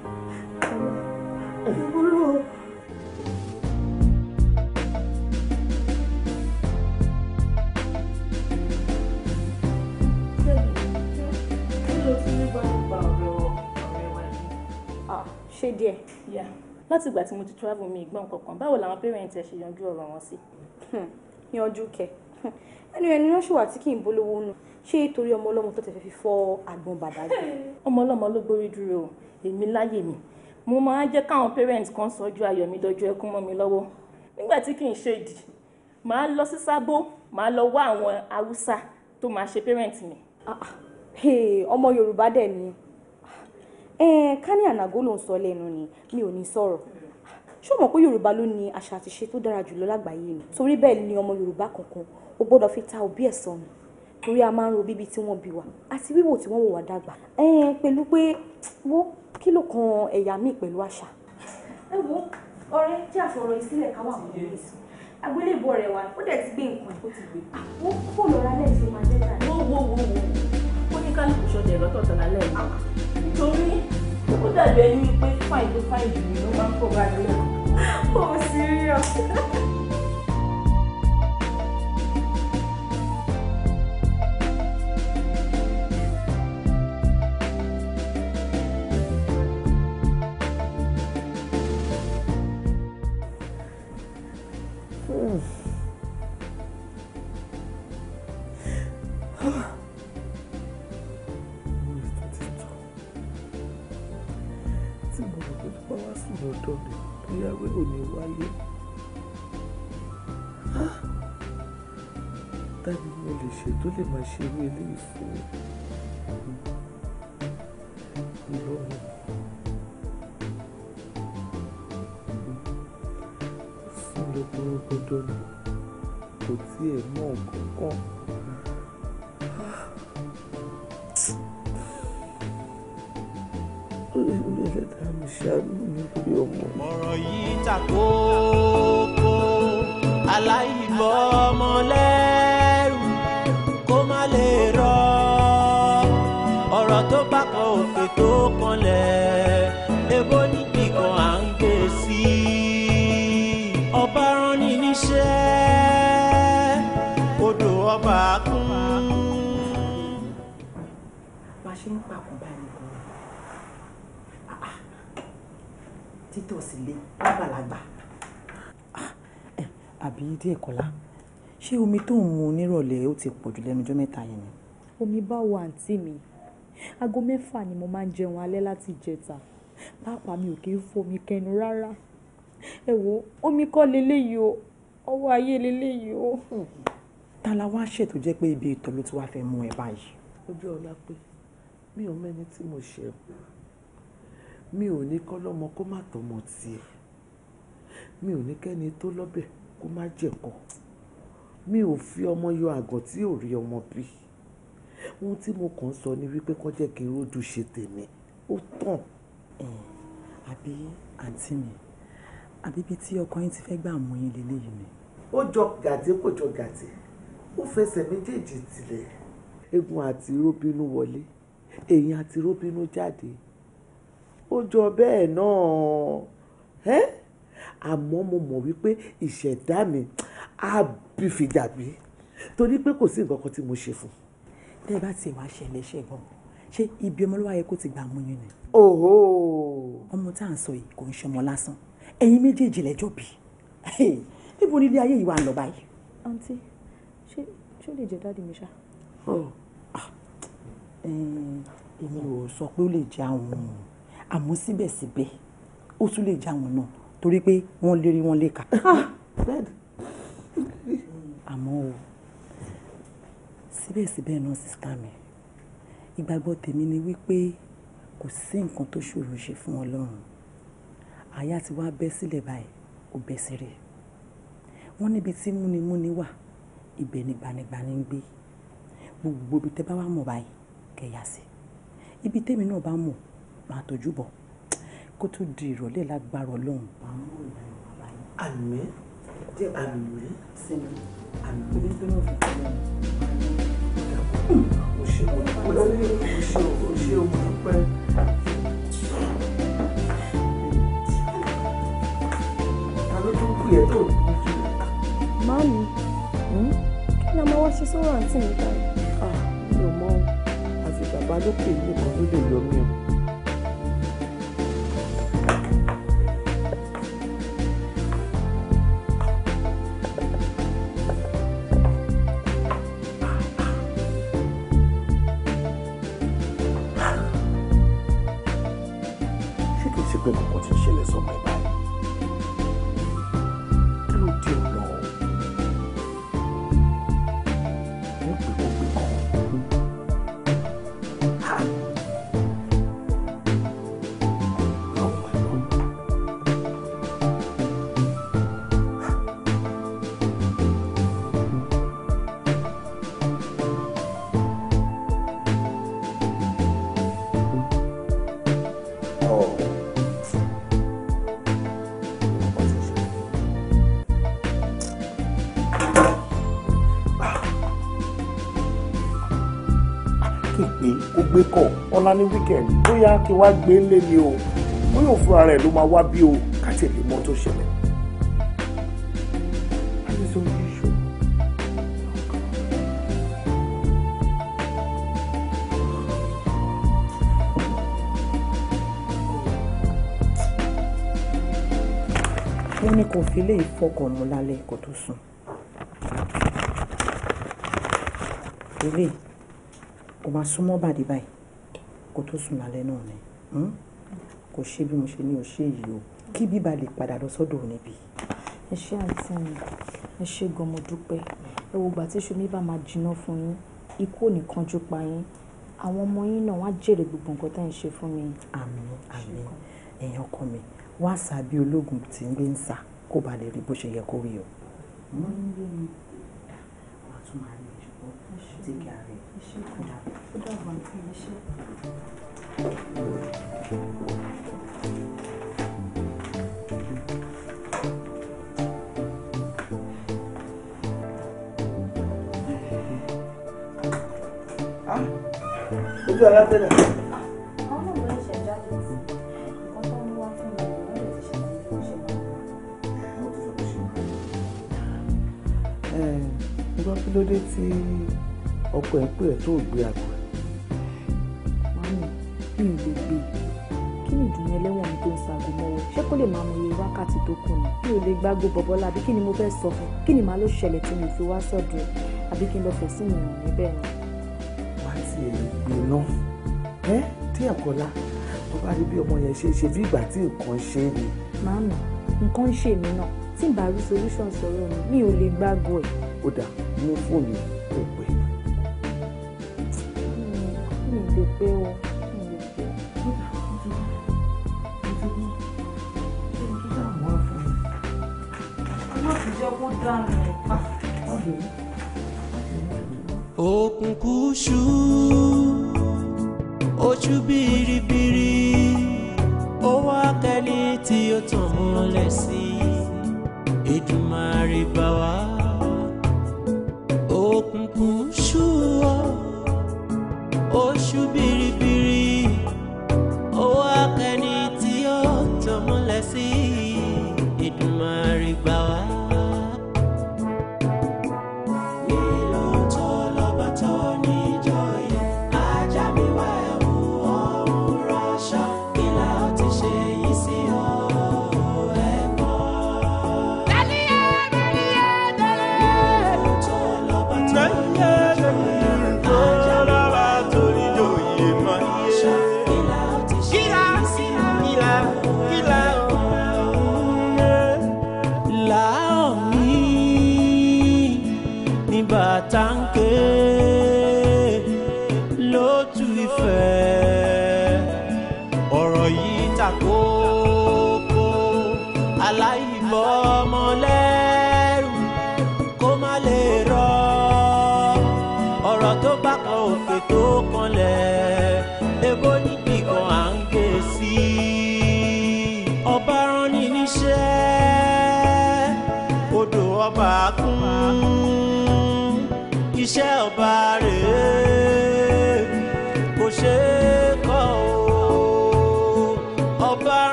ṣe díẹ̀. láti ìgbà tí mo ti travel mi ìgbọ́n kankan báwo làwọn parents ẹ̀ ṣe yanjú ọ̀rọ̀ wọn sí. Hmm, yanjú kẹ hmm, ẹnu ẹni wọn ṣùwà tí kì í bolówó nù ṣé torí ọmọ ọlọ́mọ tó tẹ̀fẹ́ fi fọ́ àgbọn bàbá jù. <laughs> ọmọ ọlọ́mọ ló gbórí dúró o èmi láyè mi mo máa ń jẹ́ káwọn parents kan sọ́jú ayọ̀ mi dọ́jú ẹkún mọ́ mi lọ́wọ́ nígbà tí kì í ṣe ìdì màá lọ sí sábó màá lọ wá àwọn haúsá tó máa ṣe parent mi. Ah, ah. ọmọ yorùbá dẹ̀ ni kání ànàgó ló ń sọ lẹ́nu ni mi ò ní sọ̀rọ̀ ṣó mọ̀ pé yorùbá ló ní àṣà àti ṣe tó dára jùlọ lágbàáyé ni torí bẹ́ẹ̀ ni ọmọ yorùbá kankan ó gbọ́dọ̀ fi ta òbí ẹ̀ sọnù torí a máa ń ro bíbí tí wọ́n bí wa àti wíwò tí wọ́n wò wá dàgbà pẹ̀lú pé wó kí ló kan ẹ̀yà míì pẹ̀lú àṣà. ẹ wo ọ̀rẹ́ jẹ́ àfọ̀rọ̀ ìsílẹ̀ káwá àwọn ọmọ ìsìn agbélébọ̀ rẹ̀ wá ó dẹ̀ ti gbé nǹkan ó ti gbé ah, wọ́n kò lọ́ra lẹ́yìn tó máa dé dáadáa. wọ́n wọ́n wọ́n wọ́n kó ní kálukú ṣọdẹ̀ lọ́tọ̀ọ̀tọ̀ lálẹ́ yìí. Ah, torí ó dàbí ẹni pé fáìn tó fine, jù ní ló máa ń kó bá dé. Oh, serious. dẹ̀ máa ṣe irú eléyìí fún Ọlọ́run. fún lọ́kùnrin gbọ́dọ̀ ni kò tiẹ̀ mọ nǹkan kan. olùdíje dáa mi ṣàánú nítorí ọmọ. ọ̀rọ̀ yìí ta kò. díẹ̀ Kọ́lá ṣé omi tó ń mu nírọ̀lẹ́ ó ti pọ̀jù lẹ́nu ọjọ́ mẹ́ta yẹn ni. omi báwo àǹtí mi aago mẹ́fà ni mo máa ń jẹun alẹ́ láti jẹta pàápàá mi ò kì í fomi kẹnu rárá ẹ wo omi kọ́ leléyìí o ọwọ́ ayé leléyìí o. Hmm. ta la wá ṣètò jẹ́ pé ibi ìtọ̀ ló ti wá fẹ́ mú ẹ báyìí. ojú ọlá pé mi ò mẹ́ni tí mo ṣe o mi ò ní kọ́ lọ́mọ kó má tọmọ tiẹ̀ mi ò ní kẹ́ni tó lọ́bẹ̀ kó má jẹ̀kọ. Mi ò fi ọmọ yọ àgàn tí ò rí ọmọ bí. Ohun tí mo kàn sọ ni wípé kó jẹ́ kí n rojú ṣe tèmi, ó tàn. Ẹ̀, àbí àǹtí mi, àbí bí tí ọkọ yín ti fẹ́ gbà mú yín lélẹ̀ yìí ni? Ó jọ gàtè kò jọ gàtè. Ó fẹsẹ̀ méjèèjì tilẹ̀. Egun àti ró bínú wọlé, èèyàn àti ró bínú jáde. Ó jọ bẹ́ẹ̀ náà. Ẹ́! àmọ́ mo mọ̀ wípé ìṣẹ̀dá mi á bí fìjàbí torí pé kò sí nǹkan kan tí mo ṣe fún. tẹ́ ẹ bá tiẹ̀ wá ṣẹlẹ̀ ṣe gan ṣé ibi ọmọlúwàyẹ kò ti gbà mú yín ni. oho. ọmọ tá à ń sọ yìí kò ń ṣe ọmọ lásán ẹ̀yin méjèèjì lẹ́jọ́ bí <laughs> níbo ni ilé ayé yìí wà ń lọ báyìí. àǹtí ṣé ṣó lè jẹ dáàdi mi ṣá. Ah, eh, èmi ò sọ pé ó lè jẹ àwọn àmọ́ síbẹ̀síbẹ̀ ó tún lè jẹ àwọn náà torí pé wọ́n lérí wọ́n léka. Ah, àmọ́ o síbẹ̀síbẹ̀ náà sísá mi ìgbàgbọ́ tèmi ni wípé kò sí nǹkan tó ṣòro ṣe fún ọlọ́run àyà ti wá bẹ́ sílẹ̀ báyìí ó bẹ́ sílẹ̀ wọ́n níbi tí múnimúni wà ibẹ̀ ni gbanigbani ń gbé gbogbo ibi tẹ́ bá wà mọ̀ báyìí kẹ̀yà sí ibi tẹ́mi náà bá mọ̀ máa tọ́jú bọ̀ kó tó di ìrọ̀lẹ́ lágbára ọlọ́run. àmín àmín sinmi àmín pínpín náà fún mi. o ṣe o ṣe o ṣe o máa pẹ́. ta ló tún kú yẹ tó kú jù. màámi hmm? kí ni a máa wá ṣe sọ́wọ́ àǹtí mi báyìí. Ah, mi ò mọ this on my wake up ọ̀la ní weekend bóyá kí wá gbé lé ni o bóyá òfúra rẹ̀ ló máa wá bí o kàtí èlé mọ́ tó ṣẹlẹ̀. wọ́n ní kò fi lè fọkàn mú lálẹ́ kó tó sùn. Really? ó máa súnmọ́ bàdé báyìí kó tó sùn lálẹ́ náà ni kò ṣe bí mo ṣe ní o ṣe yìí o kí bíbá lè padà lọ sọ́dọ̀ níbí. ẹ ṣé àǹtí mi ẹ ṣé gan mo dúpẹ́ ẹ wo ìgbà tí iṣu mi bá máa jiná fún yín ikú ò ní kánjú pa yín àwọn ọmọ yín náà wá jèrè gbogbo nǹkan tá à ń ṣe fún mi. àmín àmín èèyàn ọkọ mi wá sá bí ológun tí ń gbé ń sá kó ba lè rí bó ṣe yẹ kó rí o. wọ́n ń gbé mi wàá tún máa rí ìṣòro tí kì í ojú ara tẹ́lẹ̀. gbọ́ kí ló dé tí ọkọ ẹ̀ pé ẹ̀ tó gbé àgbà mami mi ò lè gbé kí ni ìdùnnú ẹlẹ́wọ̀n mi tó ń sago mọ́wọ́ ṣé kó lè máa mọ iye wákàtí tó kù ni mi ò lè gbágbó bọ̀bọ́lá àbí kí ni mo fẹ́ sọ fún kí ni màá ló ṣẹlẹ̀ tí mi fi wá sọ́dọ̀ ẹ̀ àbí kí n lọ fẹ̀sí mi hàn níbẹ̀ ni. wá sí ẹ̀ gbé náà ẹ tí ẹ̀kọ́lá tó bá rí bí ọmọ yẹn ṣe ṣe bí ìgbà tí nǹkan ṣe ni. màámi nǹkan ń ṣe mí náà tí n bá rí solution sọ̀rọ̀ mi mi ò lè gbágbó ẹ̀. ó dà mú fóònù yìí pé o kí n lè jẹ. Òkùnkùn ṣú ojú biribiri ó wá kẹ́lí tí ó tàn mọ́lẹ̀ sí Èdùmàrè bá òkùnkùn ṣú. Oxubim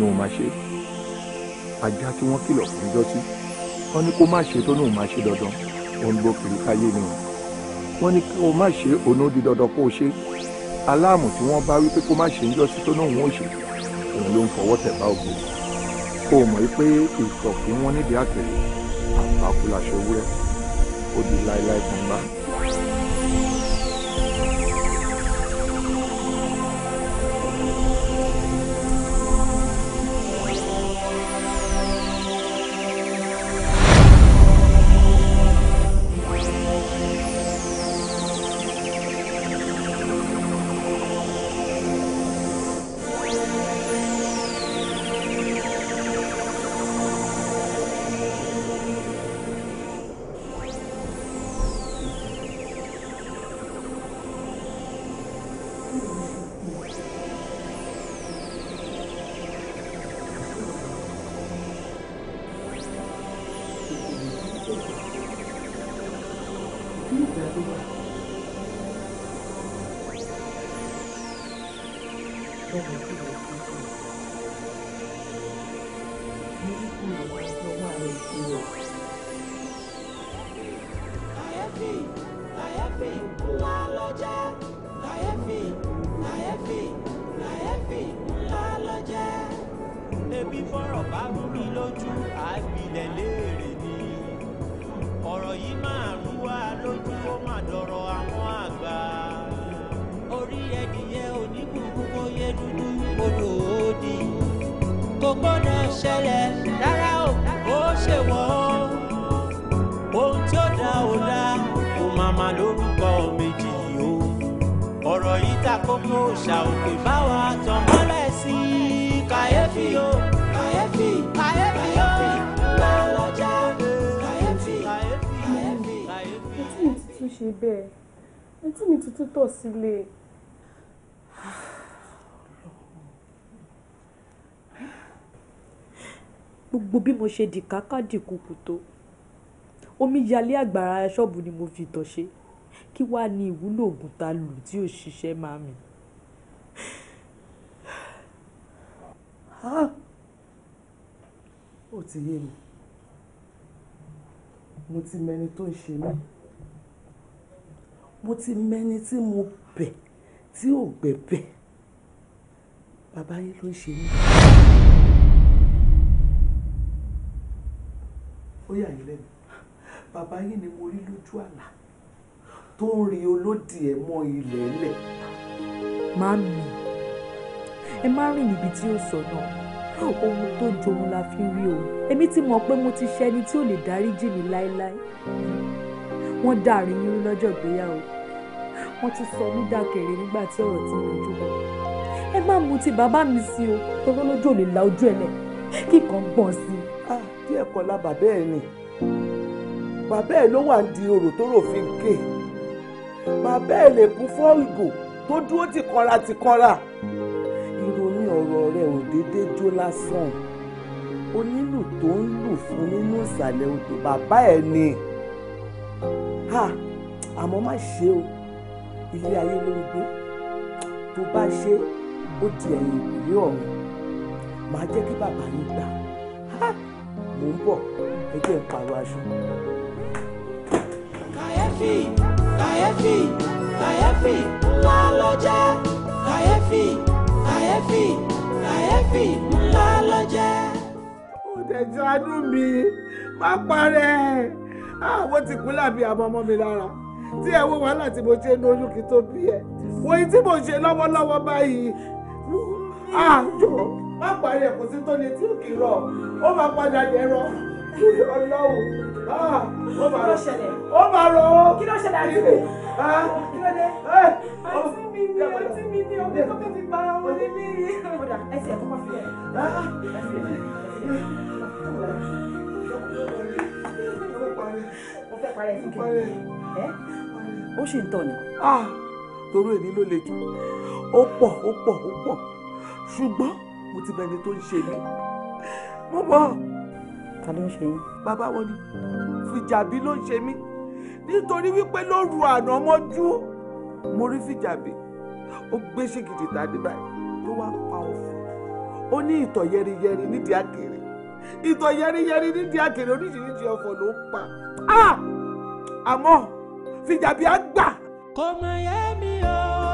lóun máa ṣe ajá tí wọ́n kìlọ̀ fún ọjọ́ sí wọ́n ní kó má ṣe tó lóun máa ṣe dandan òun gbó kiri káyé ni o wọ́n ní kó má ṣe òun di dandan kó o ṣe aláàmù tí wọ́n bá wí pé kó má ṣe ńjọ́ sí tó lóun ó ṣe òun ló ń fọwọ́ tẹ̀ bá ògbó kó o mọ̀ wípé ìtọ̀kí wọn nídìí àkèrè àbákú láṣọ ewúrẹ́ ó di láéláé gbọ̀ngbá. títò sílé. gbogbo bí mo ṣe dìkáká dìkùkù tó omi yalé àgbàrá ṣọ́ọ̀bù ni mo fi tọ̀ ṣe kí wàá ní ìwúlò oògùn tá tí ò ṣiṣẹ́ máa mi. Ah! ó ti yé mi mo ti mẹni tó ń ṣe mí mo ti mẹ́ni tí mo bẹ̀ tí ò gbẹ̀bẹ̀ bàbá yín ló ń ṣe mí. ó yà yín lẹ́nu bàbá yín ni mo rí lójú àlá tó ń rin olódì ẹ̀ mọ́ ilẹ̀ lẹ̀. Màmí ẹ má rìn níbi tí ó sọ náà ohun tó jòun la fi rí o èmi ti mọ̀ pé mo ti ṣẹni tí ò lè dáríjì mí láéláé wọ́n dàrí yín lọ́jọ́ ìgbéyàwó wọ́n tún sọ mí dákẹrẹ nígbà tí ọ̀rọ̀ ti yanjú lọ ẹ má mú ti bàbá mi sí o tọwọ́ lójú ò lè la ojú ẹ̀ lẹ̀ kí kan gbọ̀n sí i. díẹ̀ ah, kọ́ la bàbá ẹ̀ ni bàbá ẹ̀ ló wà ń di òrò tó rò fi ń ké bàbá ẹ̀ lè kú fọ́ọ̀gù tó dúró tìkanra tìkanra ìrònú ọ̀rọ̀ rẹ̀ ò déédéé jó lásán onílù tó ń lù fún nínú ìsàlẹ̀ odò bàbá ẹ̀ ni àmọ́ má ṣe o ilé ayé ló ń gbé tó bá ṣe ó di ẹ̀yìn ìwé ọ̀run màá jẹ́ kí bàbá yín gbà mò ń bọ̀ ẹ jẹ́ ń pàrọ̀ aṣọ. kàyéfì kàyéfì kàyéfì ńlá ló jẹ́ kàyéfì kàyéfì kàyéfì ńlá ló jẹ́. ó dẹ̀ ti adùn má parẹ́ àwọn ah, ti kú lábí àmọ́ ọmọ mi lára tí ẹ wo wàhálà tí mo ṣe ní oyún kí tó bí ẹ wòye tí mo ṣe lọ́wọ́lọ́wọ́ báyìí àjò ah, má parí ẹ̀ kò sí tó lè tí kì í rọ̀ ó máa padà dẹ̀rọ ọlọ́run ah, ó máa rọ ó máa rọ ó kí ló ṣẹlẹ̀ àti mi kí ló dé àti eh, eh, oh, mi ni àti mi ni ọmọ ẹ̀kọ́ tó ti gba wọlé ní ọ̀dà ẹsẹ̀ ẹ̀kọ́ kọ́ fi ẹ̀ mo fẹ́ parẹ́ sí kiri ẹ́ ó ṣì ń tọ̀ ni. torí èmi ló le jù ó pọ̀ ó pọ̀ ó pọ̀ ṣùgbọ́n mo ti mẹni tó ń ṣe mí mo mọ̀. ta ló ń ṣe yín. bàbá wọn ni fìjàbí ló ń ṣe mí nítorí wípé lóru àná mọ́jú mo rí fìjàbí ó gbé ṣègìdì tàdí báyìí tó wá pa ọ̀fọ̀ ó ní ìtọ̀ yẹriyẹri nídìí àkèrè ìtọ̀ yẹriyẹri nídìí àkèrè oríṣiríṣi ọ̀fọ̀ ló ń pa ah! àmọ́ fìjàbí á gbà. kò mọ̀ yẹ́ mi o.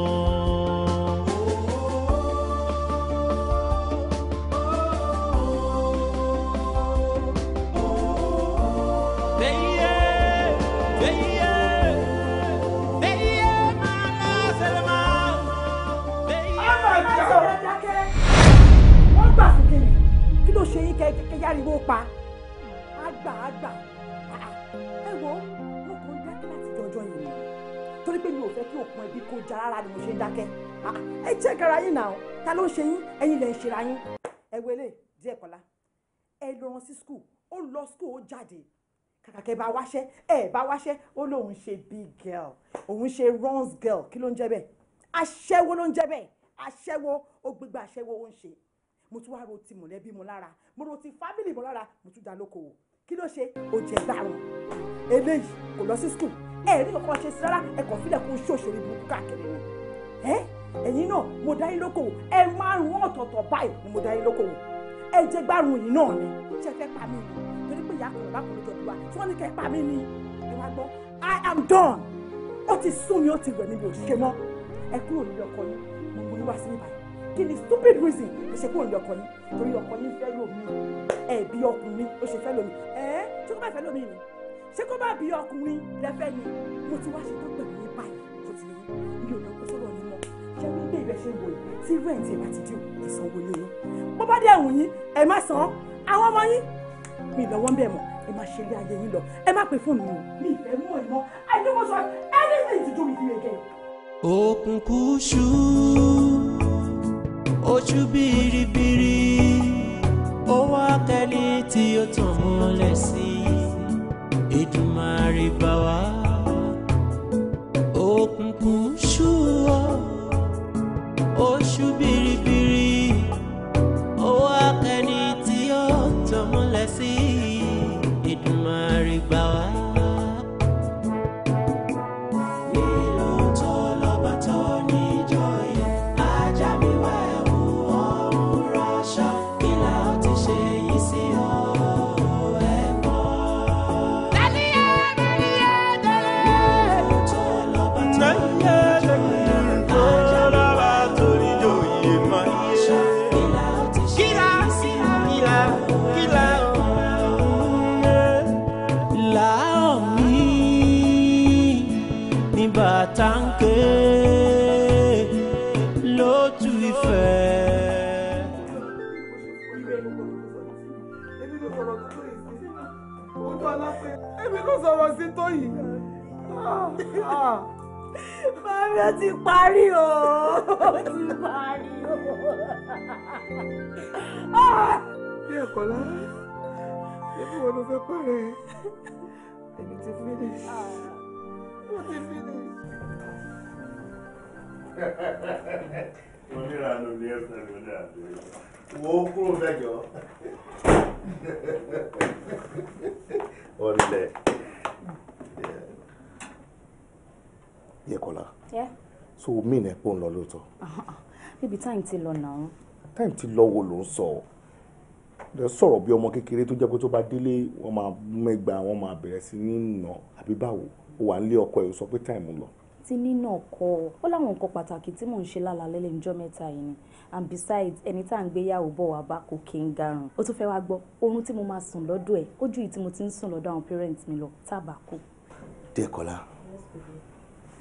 ẹ yáriwo pa àgbà àgbà ah, ah. ẹ wo wọn kàn dákẹ́ láti jọjọ yìí torí pé mi ò fẹ́ kí òkun ẹbí kó já rárá ni mo ṣe dákẹ́ ah, ẹ jẹ́ kára yín náà ta ló ń ṣe yín ẹ̀yin lẹ̀ ń ṣera yín ẹ wẹlé díẹ̀ kọ́lá ẹ lọ rán sí skul ó lọ skul ó jáde kàkàkẹ́ bá wáṣẹ́ ẹ bá wáṣẹ́ ó lóun ṣe big girl òun ṣe runs girl kí ló ń jẹ́ bẹ́ẹ̀ aṣẹ́wó ló ń jẹ́ bẹ́ẹ̀ aṣẹ́wó ó gbégbá aṣẹ́wó ó ń ṣe mo tún wá ro ti mọ̀lẹ́bí mo lára mo ro ti fámìlì mo lára mo tún dá lókòwò kí ló ṣe ó jẹ gbàrún eléyìí kò lọ sí skul ẹ kankan ṣe sí rárá ẹ kàn fílẹ̀ kó ṣòṣò rí burúkú káàkiri ni ẹ ẹ̀yin náà mo dá yín lókòwò ẹ márùn-ún ọ̀tọ̀ọ̀tọ̀ báyìí ni mo dá yín lókòwò ẹ jẹ gbàrún yìí náà ni ṣe fẹ́ pa mí ni torí pé ìyá kan bá kò lójọ bí tí wọ́n ní kẹ́ pa mí ni ẹ wá gbọ́ I am done ó ti sún mi ó ti rẹ̀ mi mi mọ́ ẹ kúrò nílé ọkọ yìí mo mú yín wá sí ìbàdàn kí ni stupid reason ló ṣe kúrò ní ọkọ yín torí ọkọ yín fẹ́ lómi ẹ̀bí ọkùnrin ó ṣe fẹ́ lómi ẹ̀ ṣé kó bá fẹ́ lómi ni ṣé kó bá bí ọkùnrin lẹ́fẹ́ ni mo ti wá ṣe tó pẹ̀lú ní báyìí kò tí mi ò lọ́kọ́ sọ̀rọ̀ yín mọ́ ṣé wí pé ìrẹsì ń wòye tí rent ẹ̀ bá ti dé òkè sanwó ní yín bó bá dé ẹ̀wùn yín ẹ̀ má san àwọn ọmọ yín mi lọ́wọ́ ń bẹ̀ mọ́ ẹ má ṣe ilé ayé yín lọ ẹ má pè fóònù mi. mi ìfẹ́ mú ìmọ̀ I don't want anything to do with you again. òkùnkùn ṣùgbọ́n ojú biribiri ó wá kẹ́lí tí ó tàn mọ́lẹ̀ sí Èdùmàrè bá òkùnkùn ṣú. ní bàtà ń ké lótú ìfẹ́. èmi ló sọ̀rọ̀ sí tó yìí. Mami ó ti parí o, ó ti parí o. Bí ẹ̀kọ́ lára, ebi wo ló fẹ́ parẹ́? Èmi ti finish ó ti finish. oníranú ni ẹsẹ̀ ló dà bí wo kúrò mẹ́jọ. ọ̀lẹ̀ Yẹkọlá so mi nà ẹ̀pọ̀ ń lọ lóòótọ́. bíbi táyì ti lọ náà. táyì ti lọ wo ló ń sọ ọ́ lọ sọ̀rọ̀ bí ọmọ kékeré tó jẹ́ pé tó bá délé wọ́n máa mẹ́gbàá wọ́n máa bẹ̀rẹ̀ sí ní nà ó wà nílé ọkọ ẹ ó sọ pé táìmù lọ. ti nínà ọkọ ó láwọn nǹkan pàtàkì tí mò ń ṣe lálàálẹ́ lẹ́nu ọjọ́ mẹ́ta yìí ni and besides ẹni tá à ń gbéyàwó bọ̀ wá bá kò kí n garun ó tún fẹ́ wá gbọ́ oorun tí mo máa sùn lọ́dọ̀ ẹ̀ ó ju ìtí mo ti ń sùn lọ́dọ̀ àwọn parents mi lọ tábà kù. Dékọ́lá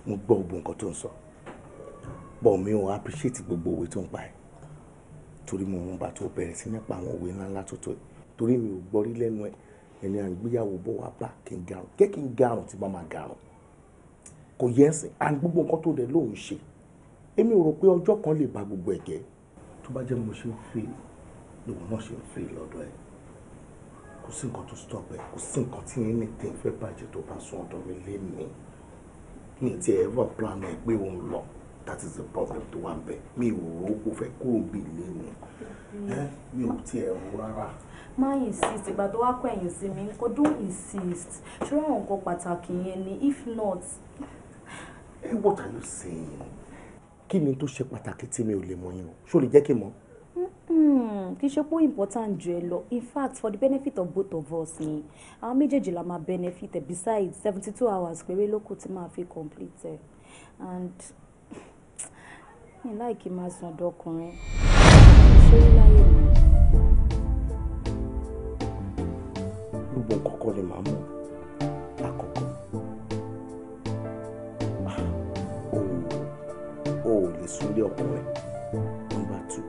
mo gbọ́ gbogbo nǹkan tó ń sọ bọ́ mi ò appreciate gbogbo òwe tó ń pa ẹ̀ torí mo ń bá tó bẹ̀rẹ̀ sí nípa àwọn òwe ńláńlá tó tó torí mi ò gbọ́rí lẹ́nu ẹ̀ ẹni àgbéyàwó bọ̀ wá bá kí n garun kí kí n garun tí màá máa garun kò yẹ ẹ́ sìn and gbogbo nǹkan tó dẹ̀ lóun ṣe èmi rò pé ọjọ́ kan lè ba gbogbo ẹ̀ jẹ́ tó bá jẹ́ mo ṣe ń fi lòun náà ṣe ń fi lọ́dọ̀ ẹ̀ kò sí nǹkan tó stop ẹ̀ kò sí nǹkan tí yín nìkan fẹ́ bàjẹ́ tó bá sún ọ̀dọ̀ mi lé mi ní ti ever plan ẹ̀ pé òun lọ that is the problem tó wà ń bẹ̀ mi ò rò ó kò fẹ́ kó o bì lé mi mi ò tiẹ̀ rò rárá má insist ìgbà tó wá kọ ẹ̀yìn sí mi nǹkan don't insist ṣé wọn nǹkan pàtàkì yẹn ni if not. ẹ what are you saying kí ni tó ṣe pàtàkì tí mi ò lè mọ yẹn o ṣó lè jẹ́ kí n mọ̀. kì í ṣe pé important jù ẹ lọ in fact for the benefit of both of us ni àwọn méjèèjì la máa benefit ẹ besides seventy two hours péré ló tí màá fi complete ẹ and mi <sighs> láì kí n máa sùn ọ̀dọ̀ ṣé ó láyé mi. gbogbo nǹkan ni màá mú lákọ̀ọ́kọ́ o ò lè súnlé ọkùnrin nọ́mbà two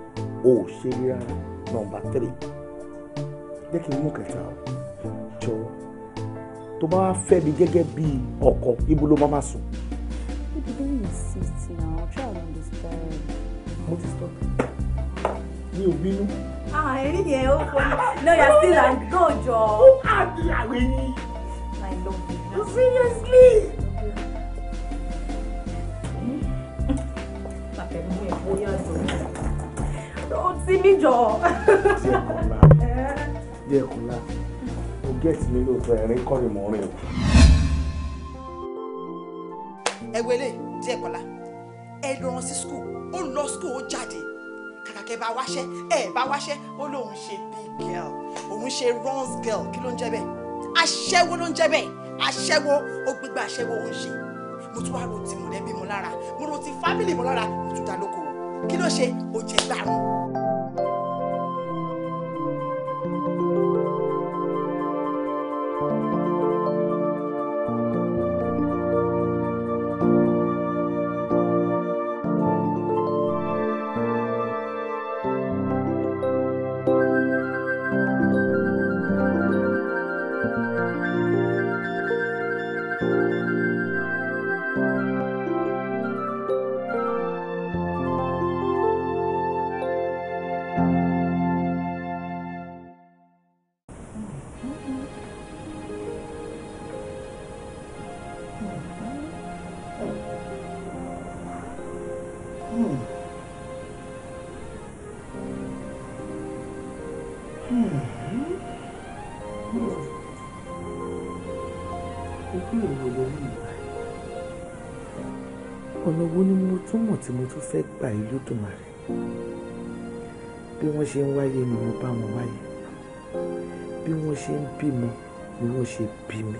o ò ṣe rí rárá nọ́mbà three jẹ́ kí n mú kẹta o jọ tó bá wá fẹ́ mi gẹ́gẹ́ bí ọkọ ibo ló máa sùn. ibi mo ti sọ mi ò bínú ah ẹ̀rín yẹn ó fọ yìí no you are still an gojo. ó àbí àwẹ̀ ni. my love you. seriously. bàbá mi mú ẹ̀kọ́ yá sọ. ó ti mí jọ. díẹ̀ kùnà ó gẹ̀ẹ́sì mi lóòótọ́ ẹ̀rín kọ́ ni mò ń rìn o. ẹ wẹlé díẹ̀ kọ́lá ẹ lọ sí skul ó lọ skul ó jáde kẹ́ bá wáṣẹ́ ẹ̀ bá wáṣẹ́ ó lóun ṣe big girl òun ṣe runs girl kí ló ń jẹ́ bẹ́ẹ̀ aṣẹ́wó ló ń jẹ́ bẹ́ẹ̀ aṣẹ́wó ó gbégbá aṣẹ́wó ó ń ṣe mo tún wá ro ti mọ̀lẹ́bí mo lára mo ro ti fámìlì mo lára mo tún dá lóko kí ló ṣe ó gbàrún. fẹ́ gbà yí lódùmarè bí wọ́n ṣe ń wáyé ni mo bá wọn wáyé bí wọ́n ṣe ń bímọ ni wọ́n ṣe bí mi.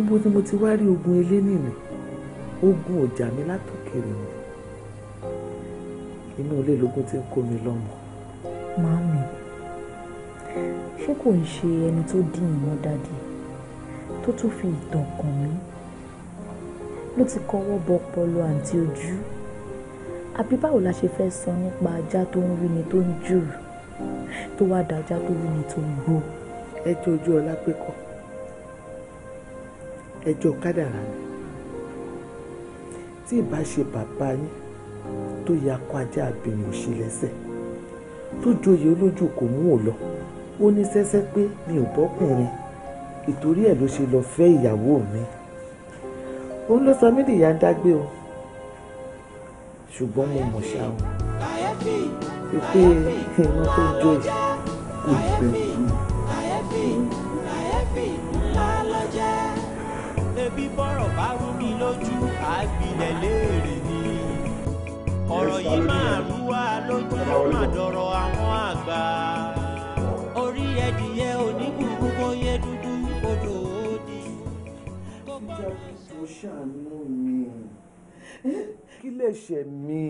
ibo ni mo ti wá rí ogun eléni ni ogun ọjà mi látòkèrè mi inú ilé lógún ti ń kó mi lọ́mọ. Màámi, ṣé kò ń ṣe ẹni tó dín ìmọ̀ dádì tó tún fi ìtàn kàn mí? ló ti kọ́wọ́ bọ ọpọlọ àǹtí ojú àbí báwo la ṣe fẹ́ sọ nípa ajá tó ń rí ni tó ń jù tó wá da ajá tó rí ni tó ń gbó. ẹjọ́ ojú ọlá pé kọ́ ẹjọ́ kádàrá ni tí ìbá ṣe bàbá yín tó ya kó ajá àbẹ̀yìn òṣì lẹ́sẹ̀ tó joyè olójú kò mú ò lọ ó ní sẹ́sẹ́ pé mi ò bọ́kùnrin ìtorí ẹ̀ ló ṣe lọ fẹ́ ìyàwó mi òun ló sọ mí dìyà ń dágbé o ṣùgbọ́n mo mọ̀ ṣá o pé ìran tó jó yìí ebi bọ́rọ̀ bá rú mi lójú àgbilẹ̀ léèrè ni ọ̀rọ̀ yìí máa rú wa lójú ló máa dọ̀rọ̀ àwọn àgbà orí ẹdìyẹ onígbùgbùn kò yẹ dúdú odò òdì jọ̀ọ́ ṣàánú mi kí lè ṣe mí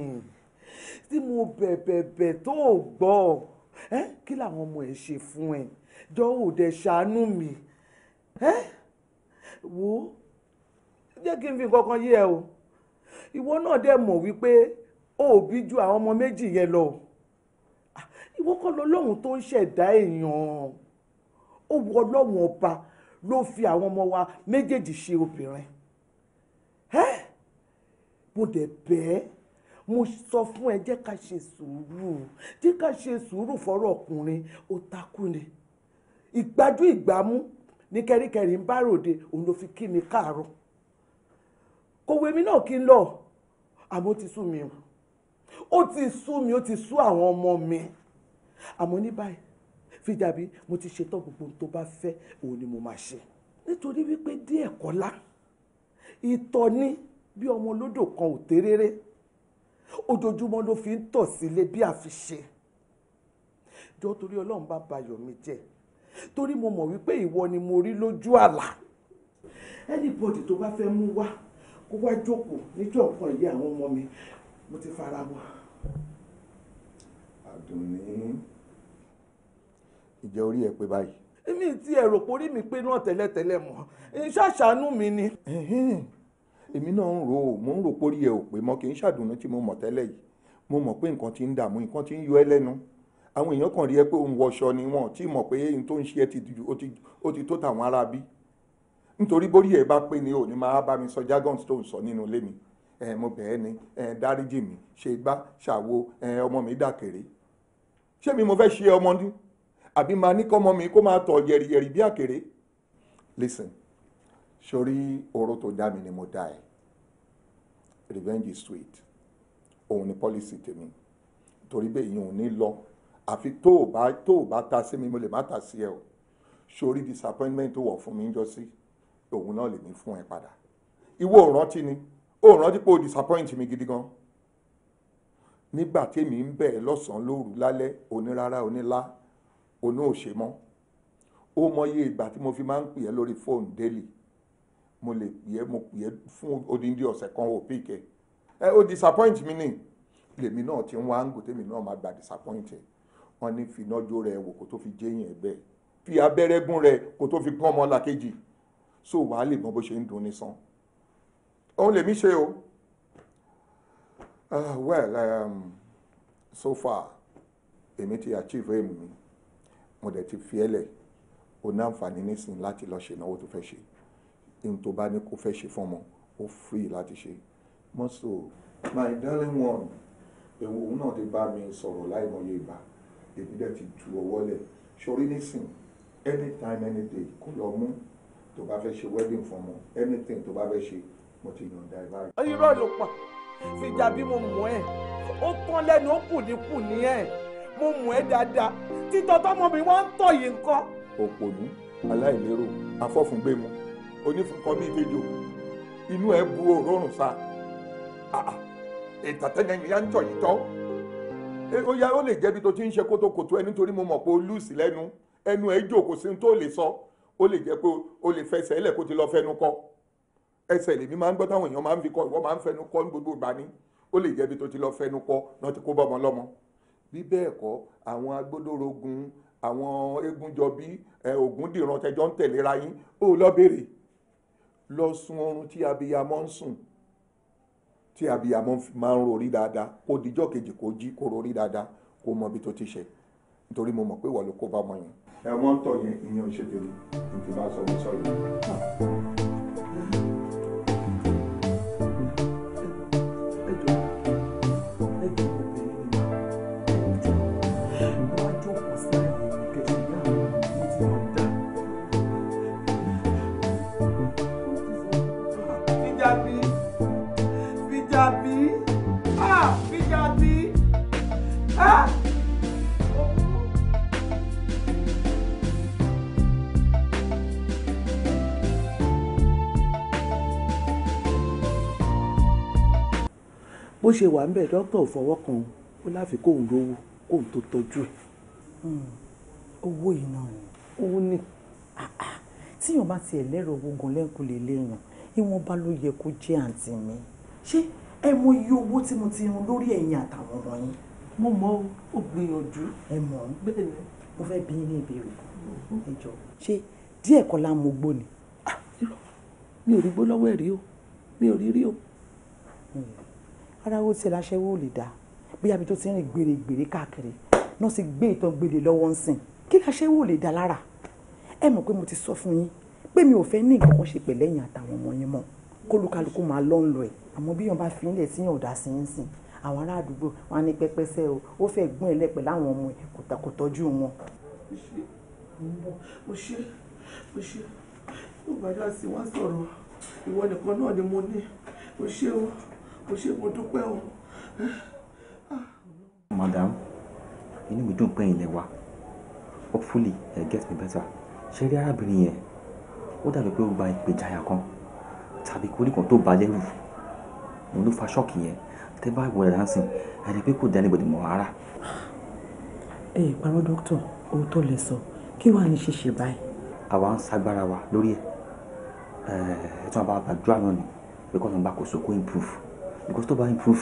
tí mo bẹ̀bẹ̀bẹ̀ tó o gbọ́ eh, kí làwọn ọmọ ẹ̀ ṣe fún ẹ jọ ò dẹ̀ ṣàánú mi eh, wo jẹ́ kí n fi nǹkan kan yé ẹ o ìwọ náà dẹ̀ mọ̀ wípé o ò bí ju àwọn ọmọ méjì yẹn lọ ah, ìwọ kọ́ lọ lọ́hùn tó ń ṣẹ̀dá èèyàn ó wọ ọlọ́hùn ọba ló fi àwọn ọmọ wa méjèèjì ṣe obìnrin mo dẹ̀ bẹ́ẹ̀ mo sọ fún ẹ jẹ́ ká ṣe sùúrù jẹ́ ká ṣe sùúrù fọ́rọ̀ ọkùnrin ó takú ni ìgbájú ìgbámú ní kẹ́ríkẹ́rí ń bá ròde òun ló fi kí mi káàárọ̀ kò wèmi náà kí n lọ àmọ́ ó ti sú mi ó ti sú mi ó ti sú àwọn ọmọ mi àmọ́ ní báyìí fi dàbí mo ti ṣetán gbogbo tó bá fẹ́ òun ni mo máa ṣe nítorí wípé díẹ̀ kọ́lá ìtọ́ bí ọmọ olódò kan ò téréré ojoojúmọ́ ló fi ń tọ̀ sílé bí àfiṣe jọ torí ọlọ́run bá bayọ̀ mi jẹ́ torí mo mọ̀ wípé ìwọ ni mo rí lójú àlá anybody tó bá fẹ́ mú wá kó wá jókòó níjọ́ nǹkan ìyá àwọn ọmọ mi mo ti fara wọn. àdùnní ìjẹ́ orí ẹ pé báyìí. èmi ti ẹ̀rọ porí mi pé náà tẹ́lẹ̀tẹ́lẹ̀ mọ́ ṣàṣàánú mi ni èmi náà ń rò ó mò ń rò pórí ẹ ò pé mọ kì í ṣàdùnnú tí mo mọ̀ tẹ́lẹ̀ yìí mo mọ̀ pé nǹkan ti ń dààmú nǹkan ti ń yọ ẹ́ lẹ́nu àwọn èèyàn kàn rí ẹ pé òun wọṣọ ni wọn tí mọ̀ pé n tó ń ṣe ẹ ó ti tó tàwọn ará bí nítorí bórí ẹ bá pé ni ò ní máa bá mi sọ jargon tó ń sọ nínú ilé mi ẹ mo bẹ̀ ẹ́ ni ẹ dáríjì mi ṣe gbá ṣàwo ẹ ọmọ mi dàkèrè ṣé mi mo fẹ́ ṣe ọmọ ní àbí máa ní kọ́mọ mi kó máa tọ̀ yẹ̀rìyẹ̀rì bí àkèrè listen sórí oró tó dá mi ni mo dá ẹ revenge is sweet òun ni policy tèmi torí bẹ́ẹ̀ ìyẹn ò ní lọ àfi tó o bá tó o bá ta sí mi mo lè má ta sí ẹ o sórí disappointment tó wọ̀ fún mi ń jọ sí òun náà lè ní fún ẹ padà ìwọ ò rántí ni ó rántí pé o disappoint mi gidi gan nígbà tèmi ń bẹ̀ lọ́sàn-án lóru lálẹ́ onírárá onílá onú òṣèmọ́ ó mọyé ìgbà tí mo fi máa ń pè ẹ́ lórí fóònù délì mo lè pè é mo pè é fún odindi ọ̀sẹ̀ kan ò pè kẹ́ ẹ ó disappoint mi ni lèmi náà ti ń wá ń gòtèmi náà máa gba disappoint ẹ wọn ní fìnájó rẹ wò kó tó fi jẹyìn ẹ bẹ́ẹ̀ fi abẹ́rẹ́ gún rẹ kó tó fi gún ọmọ làkejì so wàá lè mọ bó ṣe ń dunni san òun lèmi ṣe o uh, well um, so far èmi ti achieve aim mi mo dẹ̀ ti fi ẹ́ lẹ̀ o ní àǹfààní nísìnyí láti lọ o tó fẹ́ ṣe ohun tó bá ní kó fẹ́ ṣe fọ́mọ ó free láti ṣe mọ́tò my darling one ẹ̀wọ̀n òun náà ti bá mi sọ̀rọ̀ láìmọye ìgbà èmi dẹ̀ ti ju ọwọ́ lẹ̀ sọrí nísìn anytime any day kó lọ mú tó bá fẹ́ ṣe wedding fọ́mọ anything tó bá fẹ́ ṣe mo ti yànda ẹ̀ báyìí. irọ́ ló pa fìjà bí mo mọ̀ ẹ́ ó tán lẹ́nu ó kù ní kù ní ẹ̀ mo mọ̀ ẹ́ dáadáa títọ́ tọ́mọ mi wá ń tọ̀ yìí nǹkan. òpònú aláìlérò afọ́fúngbẹ́mu onífúnkọ bíi ìbejò inú ẹ bu òórùn sa ìtàtẹ́yẹ yẹn ń tọ̀yìn tọ́ ó yá ó lè jẹ́bi tó ti ń ṣe kótókòtó ẹ nítorí mo mọ̀ pé ó lùsì lẹ́nu ẹnu ẹ jò kò sí tó lè sọ ó lè jẹ́ pé ó lè fẹsẹ̀ ẹlẹ̀ kó ti lọ fẹnu kọ ẹsẹ̀ lèmi máa ń gbọ́ táwọn èèyàn máa ń fi kọ ìwọ máa ń fẹnu kọ ní gbogbo ìgbà ni ó lè jẹ́bi tó ti lọ fẹnu kọ náà ti kó bọ́mọ lọ́mọ bí bẹ́ẹ̀ kọ́ àwọn agbódòrógun àwọn egunjọbí ògúndìran tẹjọ ń tẹ̀léra yín ó lọ béèrè lọ sun oorun tí abiyamọ ń sùn tí abiyamọ máa ń rorí dáadáa kó dijọ́ kejì kó jí kó rorí dáadáa kó mọ ibi tó ti ṣe nítorí mo mọ̀ pé wọ́n ló kó bá ọmọ yẹn. ẹ̀wọ̀n ń tọ̀ yẹn ìyẹn ò ṣe tèmi ìdìbò àṣọ mi sọ̀rọ̀. ṣe wà ńbẹ̀ dókítà ò fọwọ́ kan ó láfi kóun rówó kóun tó tọ́jú ẹ̀. Hmm, owó yìí náà ni. owó ni. tíyàn bá tiẹ̀ lẹ́rọ owó gan lẹ́kùn lè léèyàn ìwọ̀nba ló yẹ kó jẹ́ àǹtí mi ṣé ẹ mọ iye owó tí mo ti run lórí ẹ̀yìn àtàwọn ọmọ yín. mo mọ ó gbìyànjú. ẹ mọ̀ ọ́n bẹ́ẹ̀ ni. mo fẹ́ bí ní ìbéèrè ẹ jọ ṣé díẹ̀ kọ́ la mú gbó ni. Ah, mi ò rí gbó lọ́wọ́ ẹ̀ rí o mi ò rí rí o aráwó tiẹ̀ láṣẹ́wó ò lè dá bóyá ibi tó ti ń rìn gbèrè gbèrè káàkiri náà sì gbé ìtàn gbèrè lọ́wọ́ ń sìn kí láṣẹ́wó ò lè dá lára ẹ mọ̀ pé mo ti sọ fún yín pé mi ò fẹ́ ní nǹkan kan ṣe pẹ̀lẹ́ yín àtàwọn ọmọ yín mọ́ kólúkálukú máa lọ́ ń lọ ẹ̀ àmọ́ bí yàn bá fi ń lẹ̀ sí yàn ọ̀dà sí ń sìn àwọn ará àdúgbò wọn á ní pẹpẹsẹ o ó fẹ́ gbọ́n ẹ lẹ́pẹ̀ láwọn ọmọ ẹ kò tọ́jú wọn. mo ṣe mo ṣe mo gbàdúrà sí wọn sọ̀rọ̀ ìwọ nìkan náà ni mo ní mo ṣe o o ṣe mo dúpẹ́ o. Ah. madam inú mi dùn pé ilé wa hopefully ẹ get me better ṣe rí arábìnrin yẹn ó dàbí pé ó gba ìpèjáyà kan tàbí kórì kan tó bá lẹ́rù òun ló fa ṣọ́ọ̀kì yẹn tẹ́ bá wọlé dancing ẹni pé kò dání gbèdìmọ̀ rárá. ẹ ìparọ́ dókítà òótọ́ lẹ sọ kí wàá ní ṣíṣe báyìí. àwa ń sagbára wa lórí ẹ ẹ tí wọn bá gbàdúrà náà ni pé kọ́ńtà bá kò sókó improve because tó bá improve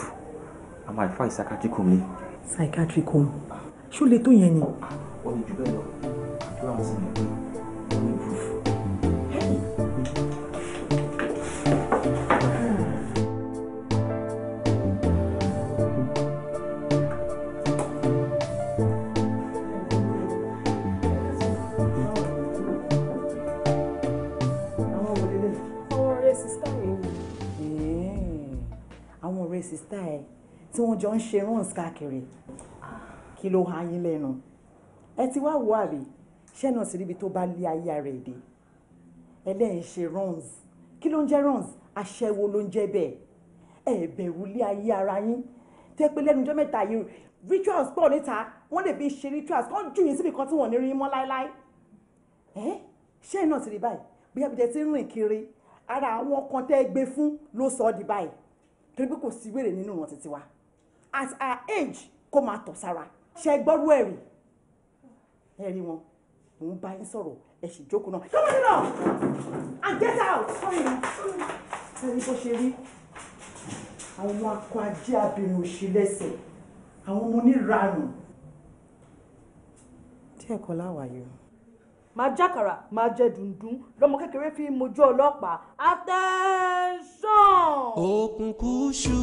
a máa refer psychiatric home ni. psychiatric home ṣó le tó yẹn ni. ó lè lọ àdúrà sí mi. ọ̀rẹ́ sista ẹ tí wọ́n jọ ń ṣe runs káàkiri kí ló há yín lẹ́nu ẹ ti wá wo àbí iṣẹ́ náà sì ríbi tó bá lé ayé rẹ̀ dé ẹlẹ́yìn ṣe runs kí ló ń jẹ́ runs aṣẹ́wó ló ń jẹ́ bẹ́ẹ̀ ẹ bẹ̀rù lé ayé ara yín tẹ́ pé lẹ́nu ọjọ́ mẹ́ta yìí rituals pọ̀ níta wọ́n lè fi ṣe rituals kọ́ jù yín síbi kan tí wọ́n ní rí mọ́ láéláé ẹ ṣé náà ti rí báyìí bí abidjan ti rìn kiri ara àwọn kan tẹ́ gbé fún ló sọ ọ́ di báyìí torí kò sí wèrè nínú wọn títí wa at our age kó máa tọ̀ sára ṣe é gbọ́rú ẹ̀rì ẹ̀rí wọn òun bá yín sọ̀rọ̀ ẹ̀ sì jókòó náà come on in now and get out ẹ̀rí bó ṣe rí àwọn akọ ajé abirùn òṣì lẹ́sẹ̀ àwọn ọmọ oníranù díẹ̀ kọ́ láwàá yìí máa jákàrà máa jẹ dùndún lọmọ kékeré fi mojú ọlọ́pàá attention. òkùnkùn ṣú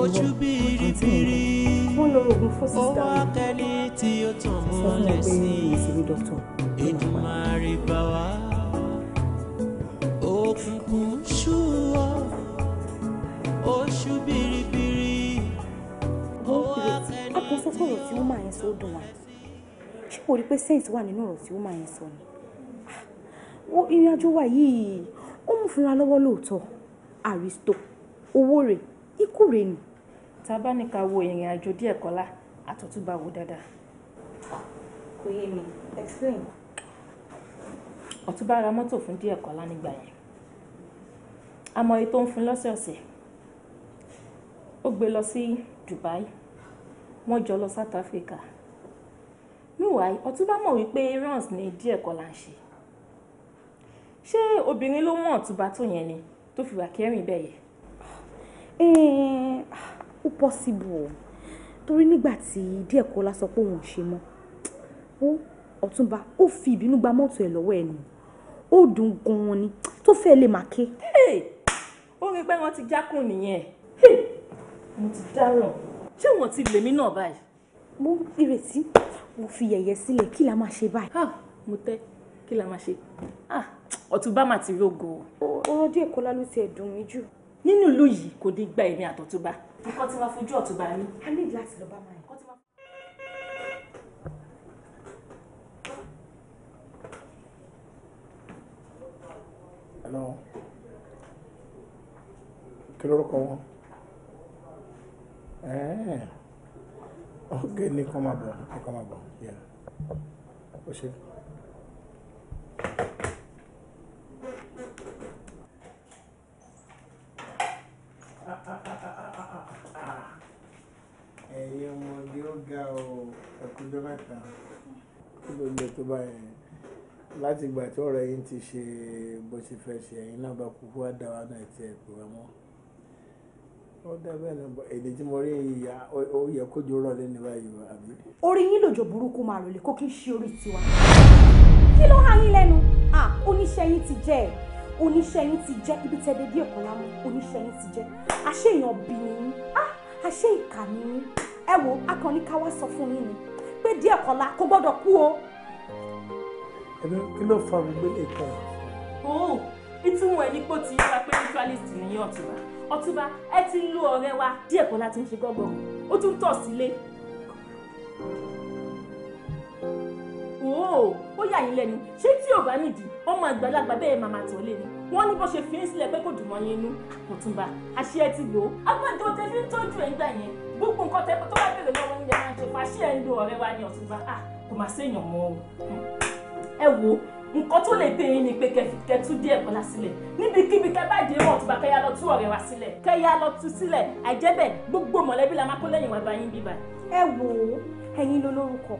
ojú biribiri owó akẹ́lẹ́ tí ó tàn mọ́lẹ̀ sí ìdùnmáre bá wa òkùnkùn ṣú ọ oṣù biribiri owó akẹ́lẹ́ tí ó tàn mọ́lẹ̀ sí ìdùnmáre bá wa ó rí pé sense wà nínú ọ̀rọ̀ tí ó máa yẹn sọ ni wo ìrìn àjò wa yìí ó mú fúnra lọ́wọ́ lóòótọ́ àrísítò owó rẹ̀ ikú rẹ̀ nì. tá a bá ní ká wo ìrìn àjò díẹ̀ kọ́lá àtọ̀túnba wò dáadáa. kò yé mi explain. ọ̀túnba ra mọ́tò fún díẹ̀ kọ́lá nígbà yẹn àmọ́ èyí tó ń fún lọ́sẹ̀ọ̀sẹ̀ ó gbé lọ sí Dubai wọ́n jọ lọ South Africa meanwhile ọtúbà mọ̀ wípé runs ní díẹ̀ kọ́ là ń ṣe ṣé obìnrin ló mọ̀ ọ̀túbà tó yẹn ni tó fi wà kẹrin bẹ́ẹ̀ yẹ. Eh, ó possible o torí nígbà tí díẹ̀ kọ́ la sọ pé òun ò ṣe mọ́ ó ọ̀túnba ó fi ìbínú gba mọ́tò ẹ̀ lọ́wọ́ ẹ̀ nù ó dùn gan-an ni tó fẹ́ lè máa ké. ó rí i pé wọ́n ti jákùn nìyẹn mo ti dáràn ṣé wọ́n ti lèmi náà báyìí. mo ìrètí mo fi yẹ̀yẹ́ sílẹ̀ kí la máa ṣe báyìí. ah mo tẹ́ kí la máa ṣe ah ọ̀túnba mà ti rògo. ọ̀rọ̀ díẹ̀ kọ́lá ló ti ẹ̀dùn mi jù. nínú ìlú yìí kò ní gba èmi àtọ̀túnba. nǹkan tí wàá fojú ọ̀túnba ní. a ní láti lọ bá máa yẹn. Hello. Kí lorúkọ wọn? ok ní kọ́ máa bọ̀ ní kọ́ máa bọ̀ yẹn ó ṣe. ẹ̀yin ọmọdé ó ga ọ ẹ̀kúnjọ́ mẹ́ta kí ló lè tó báyìí láti ìgbà tí ọ̀rẹ́ yín ti ṣe bó ṣe fẹ́ ṣe ẹ̀yin náà bá kúkú wá dá wa ó dábẹ́ náà bọ èdè tí mo rí ìyá ó yẹ kójú rọlẹ́ ní báyìí wá àbí. orí yín lòjò burúkú máa rọlẹ̀ kó kí n ṣe orí tiwa kí ló há yín lẹ́nu oníṣẹ́ yín ti jẹ́ ẹ̀ oníṣẹ́ yín ti jẹ́ ibi tẹ́ dé bí èkó lámú oníṣẹ́ yín ti jẹ́ àṣé èèyàn bí ni yín àṣé ìkà ni yín ẹ wo akọni káwá sọ fún yín ni pé díẹ̀ kọ́lá kò gbọ́dọ̀ kú o. ẹnu kí ló fa gbogbo ètò. ó oh, ìtumọ̀ ẹ̀ nípò tí yíra pé mutualist nìyí ọ̀tún náà ọtúnba ẹ ti ń lo ọ̀rẹ́ wa díẹ̀ kọ́ la ti ń ṣe gọ́gọ́ ó tún tọ̀ sílé. ooo ó yà yín lẹ́nu ṣé tí ò bá nìdí ọmọ àgbàlagbà bẹ́ẹ̀ màmá tọ́ lé ni wọ́n ní bó ṣe fi ń sílẹ̀ pé kò dùn mọ́ yín inú àkọ́túnba àṣẹ ẹ ti lò ó agbọ́dọ̀ tẹ fi ń tọ́jú ẹ̀ ń gbà yẹn gbogbo nǹkan tẹ tó bá bèrè lọ́wọ́ oúnjẹ máa ń ṣe fàṣẹ ẹ̀ ń lo ọ̀rẹ́ wa ní ọ̀túnba ah, kò má nǹkan tó lè tẹ̀yìn ni pé kẹtù díẹ̀ kọ́lá sílẹ̀ níbikíbi kẹbàdé wọn ti bá kẹyà lọ tú ọ̀rẹ́ wa sílẹ̀ kẹyà lọ tú sílẹ̀ àìjẹ́bẹ̀ gbogbo mọ̀lẹ́bí la máa kó lẹ́yìn wàá bá bíbá. ẹ wò ó ẹ̀yin ló lórúkọ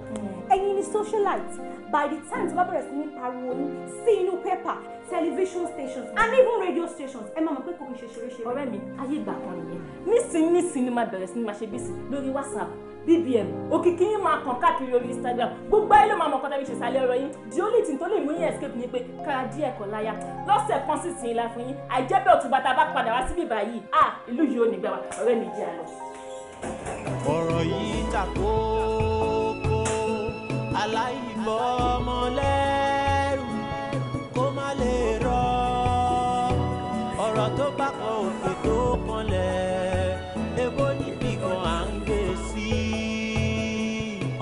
ẹ̀yin ni socialite by the time tí wọ́n bẹ̀rẹ̀ sí ní pariwo ní sí inú pépà television stations and even radio stations ẹ máa mọ̀ pé kò kí n ṣe ṣeréṣe. ọ̀rẹ́ mi ayé ìgbà kan nìyẹn nísìnyí nísìnyí ni máa bẹ̀rẹ̀ sí ní máa ṣe bísí lórí whatsapp bbm òkìkí yín máa kàn káàkiri orí instagram gbogbo ayé ló máa mọ kọtàbí ṣèṣàlẹ̀ ọ̀rọ̀ yín di ó lè tó lè mú yín escape ni pé kára díẹ̀ kọ láyà lọ́sẹ̀ kan sì sìn ìlà fún yín àìjẹ́bẹ̀ òtúgba tá a bá padà wá síbí báyìí à ìlú yìí ò ní gbà wá ọ̀rẹ́ mi jẹ́ àlọ́. ọ̀rọ̀ yìí ta aláìmọ̀ọ́mọlẹ́rù kó má lè rọ ọ̀rọ̀ tó bá kan òkè tó kanlẹ̀ ebo níbi kan à ń gbé sí i